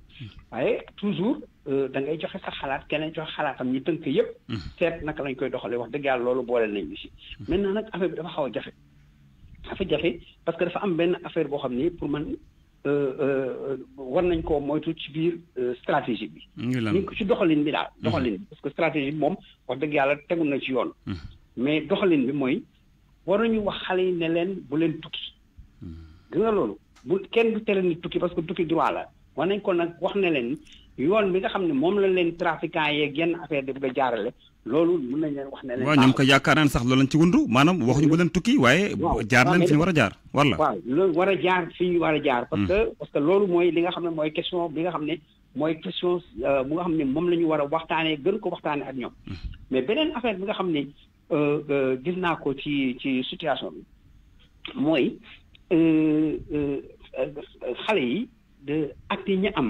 waaye toujours Euh, da ngay joxe sa xalaat keneen joxe xalaatam ñu tënk yëpp. Mm-hmm. seet naka lañ koy doxalee wax dëgg yàlla loolu boole bi ñu si. Mm-hmm. maintenant nag affaire bi dafa xaw a jafe. dafa jafe parce que dafa am benn affaire boo xam ni pour man euh, euh, war nañ koo moytu ci biir stratégie bi. ñu ko ci doxalin bi daal. doxalin bi mm-hmm. parce que stratégie bi moom wax dëgg yàlla tegu na ci yoon. mais doxalin bi mooy war nañu wax xale yi ne leen bu leen tukki. gis nga loolu bu kenn du tere ni tukki parce que tukki droit la war nañ ko nag wax ne leen. yoon bi nga xam ne moom lañ leen trafiquant yeeg yenn affaire di bëgg a jaarale loolu mën nañ leen wax ne leen waaw ñoom ko yaakaar naan sax loolu lañ ci wundu maanaam waxuñu bu leen tukki waaye jaar leen fi ñu war a jaar wala waaw loolu war a jaar fi ñu war a jaar parce que hmm. parce que loolu mooy li nga xam ne mooy question bi nga xam ne mooy question euh, bu nga xam ne moom la ñu war a waxtaanee gën ko waxtaanee ak ñoom hmm. mais beneen affaire bi nga xam ne euh, euh, gis naa ko ci ci situation bi mooy xale yi de acte ñi am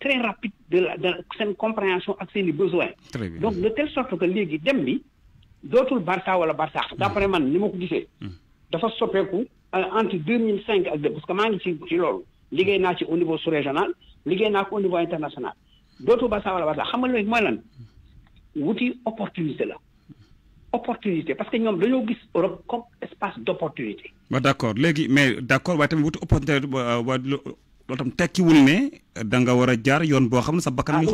très rapide de la de compréhension ak seen besoins. donc de telle sorte que léegi dem bi dootul Barça wala Barça. d'après man ni ma ko gisee. Hmm. dafa soppeeku euh, entre 2005 mille cinq ak deux parce que maa ngi ci ci loolu. liggéey ci au niveau sous-régional liggéey naa ko au niveau international dootul Barça wala Barça xam nga léegi mooy lan wuti opportunité là. opportunité parce que nous, dañoo gis Europe comme espace d'opportunité. waaw d'accord léegi mais d'accord waaye tamit wuti opportunité euh, loolu tam tekkiwul ne da nga war a jaar yoon boo xam ne sa bakkan ah, mi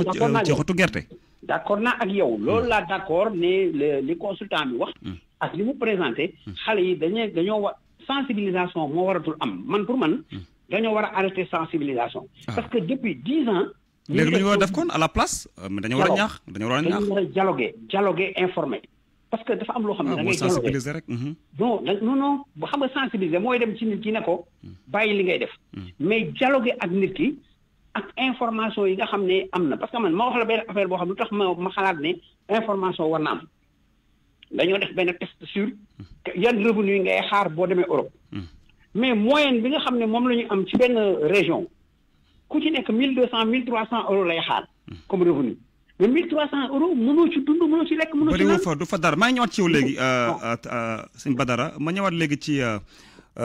ceexatu euh, gerte d' accord naa ak yow loolu hmm. laa d' accord ne li consultant bi wax hmm. ak li mu présenté hmm. xale yi dañu dañoo wa sensibilisation moo waratul am man pour man dañoo war a arrêter sensibilisation ah. parce que depuis dix ans léegi lu ñu def kon à la place euh, dañoo war a ñaax dañoo war a ñaax dañu war dialoguer dialoguer informé parce que dafa am loo xam ne ah, da ngay sensibiliser rek mhm. non non non bu xam nga sensibiliser mooy dem ci nit ki ne ko mhm. bàyyi li ngay def mhm. mais dialoguer ak nit ki ak information yi nga xam ne am na parce que man ma wax la benn affaire boo xam ne tax ma ma xalaat ne information war na am dañoo def benn test sur yan revenu ngay xaar boo demee Europe mais moyenne bi nga xam ne moom la ñu am ci benn région ku ci nekk mille deux cent mille trois cent euros lay xaar comme revenu du fa dara maa ngi ñëwaat ci yow léegi euh, euh, euh, sëñ Badara ma ñëwaat léegi ci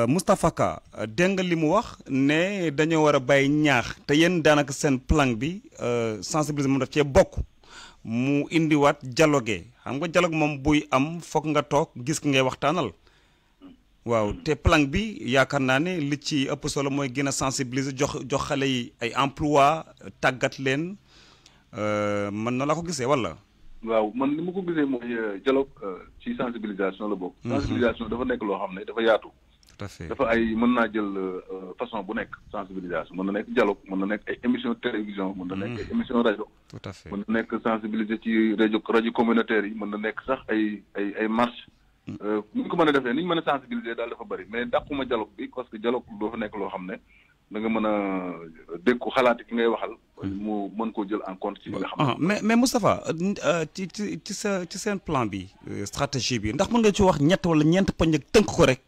Moustapha Ka dégg nga li mu wax ne dañoo war a bàyyi ñaax te yéen daanaka seen plan bi sensibiliser moom daf cee bokk mu indiwaat dialogue xam nga jaloog moom buy am foog nga toog gis ki ngay waxtaanal. waaw te plan bi yaakaar naa ne li ci ëpp solo mooy gën a sensibiliser jox jox xale yi ay emploi tàggat leen. mën na la ko gisee wala. waaw man ni ma ko gisee mooy euh, dialogue euh, ci sensibilisation la bokk. Mhm. sensibilisation dafa nekk loo xam ne dafa yaatu. tout à dafa ay mën naa jël euh, façon bu nekk sensibilisation mën na nekk dialogue mën na nekk ay émission télévision. mën na nekk ay mhm. émission rajo. tout à fait mën na nekk sensibiliser ci rajo rajo communautaire yi mën na nekk sax ay ay ay marche mm. ni ñu ko mën a defee ni ñu mën a sensibiliser daal dafa bëri mais dàquma dialogue bi parce que dialogue dafa nekk loo xam ne. da nga mën a euh, dégg xalaat ki ngay waxal. Hmm. mu mën koo jël en compte ci nga xam ah, mais mais Moustapha euh, euh, ci ci ci sa ci seen plan bi stratégie bi ndax mën nga ci wax ñett wala ñeent poñ ak tënk ko rek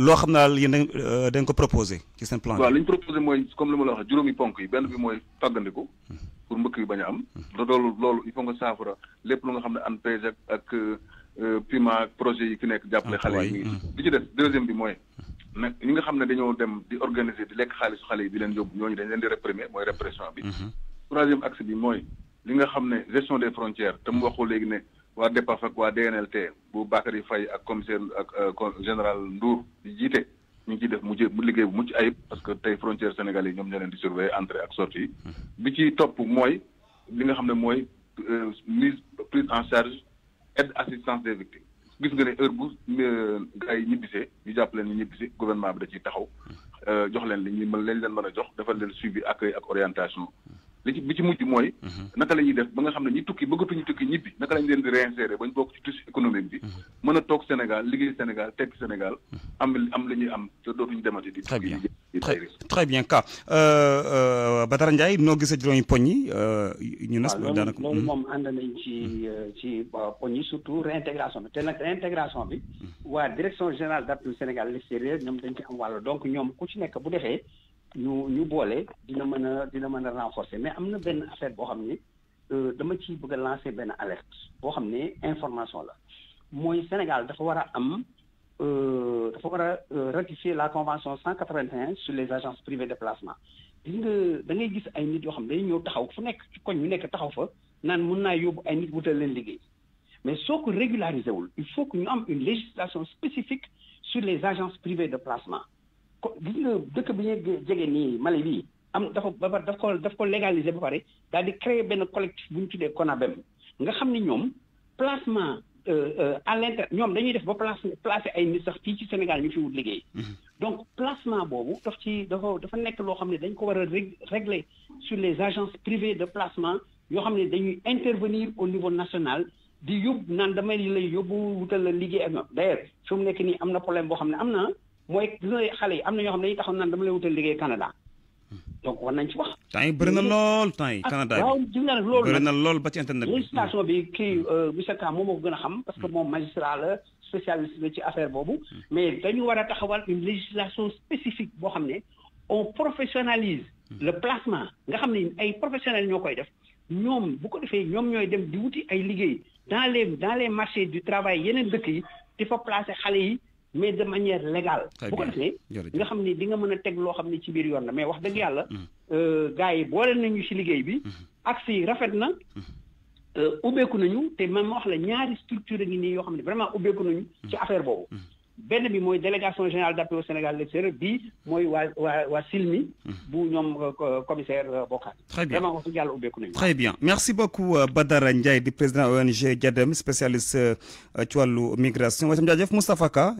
loo xam naa yéen da dañ ko proposé ci seen plan bi. li ñu mooy comme li ma la wax juróomi ponk yi benn bi mooy fàggandiku. Hmm. pour mbëkk yi bañ a am. Hmm. loolu loolu il faut nga saafara lépp lu nga xam ne ANPEJ ak ak PIMA projet yi ki nekk jàppale ah, xale yi. li ci def deuxième bi mooy. nag ñi nga xam ne dañoo dem di organiser di lekk xaalisu xale yi di leen yóbbu ñooñu dañ leen di réprimer mooy répression bi. Mhm. troisième axe bi mooy li nga xam ne gestion des frontières te mu waxu léegi ne waa DEPAF ak waa DNLT bu Bakary Faye ak commissaire ak euh, général Ndour di jiite ñu ngi ciy def mu mu liggéey bu mucc ayib parce que tey frontières Sénégal yi ñoom ñoo leen di surveiller entrée ak sortie mhm. bi ci topp mooy li nga xam ne mooy euh, mise prise en charge aide assistance des victimes. gis nga ne heure bu euh, gars yi ñibbisee ñu jàpp leen ñibbisi gouvernement bi da ciy taxaw euh, jox leen li ñu mën leen leen mën a jox defal leen suivi accueil ak orientation li ci bi ci mujj mooy. Mhm. naka la ñuy def ba nga xam ne ñi tukki bëggatuñu tukki ñibbi naka lañ leen di réinsérer bañ bokk ci tissu économique bi. Mhm. mën a toog Sénégal liggéey Sénégal tekki Sénégal. Mhm. am am la ñuy am te dootuñu demati di. très bien très bien ka euh, euh, Badara Ndiaye noo gisee juróomi poñ yi euh, ñu nas. daanaka loolu moom ànd nañ ci ci poñ yi surtout réintégration bi te nag réintégration bi. waa direction générale d'appui Sénégal l'extérieur ñoom dañ ci am wàll donc ñoom ku ci nekk bu defee. ñu ñu boole dina mën a dina mën a renforcer mais am na benn affaire boo xam ne euh, dama ci bëgg a lancer benn alerte boo xam ne information la mooy Sénégal dafa war a am euh, dafa war a euh, ratifier la convention 181 sur les agences privées de placement gis nga da ngay gis ay nit yoo xam ne day ñëw taxaw fu nekk ci koñ ñu nekk taxaw fa naan mun naa yóbbu ay nit wutal leen liggéey mais soo ko régulariser wul il faut que ñu am une législation spécifique sur les agences privées de placement ko gis nga dëkk bi ñu jege nii Mali bii am dafa ba pare daf ko daf ko légaliser ba pare daal di créer benn collectif bu ñu tuddee CONABEM nga xam ni ñoom placement euh, euh, à l'inter ñoom dañuy def ba placer placer ay nit sax fii ci Sénégal ñu fi wut liggéey. Mhm. donc placement boobu daf ci dafa dafa nekk loo xam ne dañ ko war a régler sur les agences privées de placement yoo xam ne dañuy intervenir au niveau national di yóbbu naan damay lay yóbbu wutal la liggéey ak ñoom d'ailleurs fi mu nekk nii am na problème boo xam ne am na mooy gis nga xale yi am na ñoo xam ne dañuy taxaw naan dama lay wutal liggéey Canada donc war nañ ci wax. temps yi bëri na lool temps yi ah, Canada bi waaw gis nga nag loolu bëri na lool ba ci internet bi. législation bi kii hmm. euh, monsieur Ka moom moo ko gën a xam. parce que moom magistrat la spécialiste la ci affaire boobu. Hmm. mais dañu war a taxawal une législation spécifique boo xam ne on professionnalise. Hmm. le placement nga xam ne ay professionnels ñoo koy def ñoom bu ko defee ñoom ñooy dem di wuti ay liggéey dans les dans les marchés du travail yeneen dëkk yi di fa placer xale yi. mais de manière légale. bu ko defee nga xam ni di nga mën a teg loo xam ne ci biir yoon na mais wax dëgg hmm. yàlla. Hmm. Euh, gars yi boole nañu ci liggéey bi. Hmm. ak si rafet na. Euh, ubbeeku nañu te man ma wax la ñaari structure ngi nii yoo xam ne vraiment ubbeeku nañu. ci affaire boobu. benn bi mooy délégation générale d'appui au Sénégal l'extérieur bi mooy waa Silmi. bu euh, commissaire vocal euh, très bien très bien merci beaucoup euh, Badara Ndiaye di président ONG JADEM spécialiste ci wàllu migration waaye tam jadjef Moustapha Ka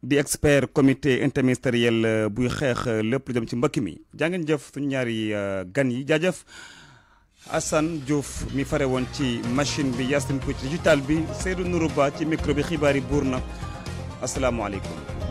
di expert comité interministériel buy le lépp lu jëm ci mbëkk mi jaa ngeen suñu gan yi Assane Diouf mi fare woon ci machine bi Yacine Pouy ci digital bi Seydou Nourou Ba ci micro bi xibaar yi buur na asalaamaaleykum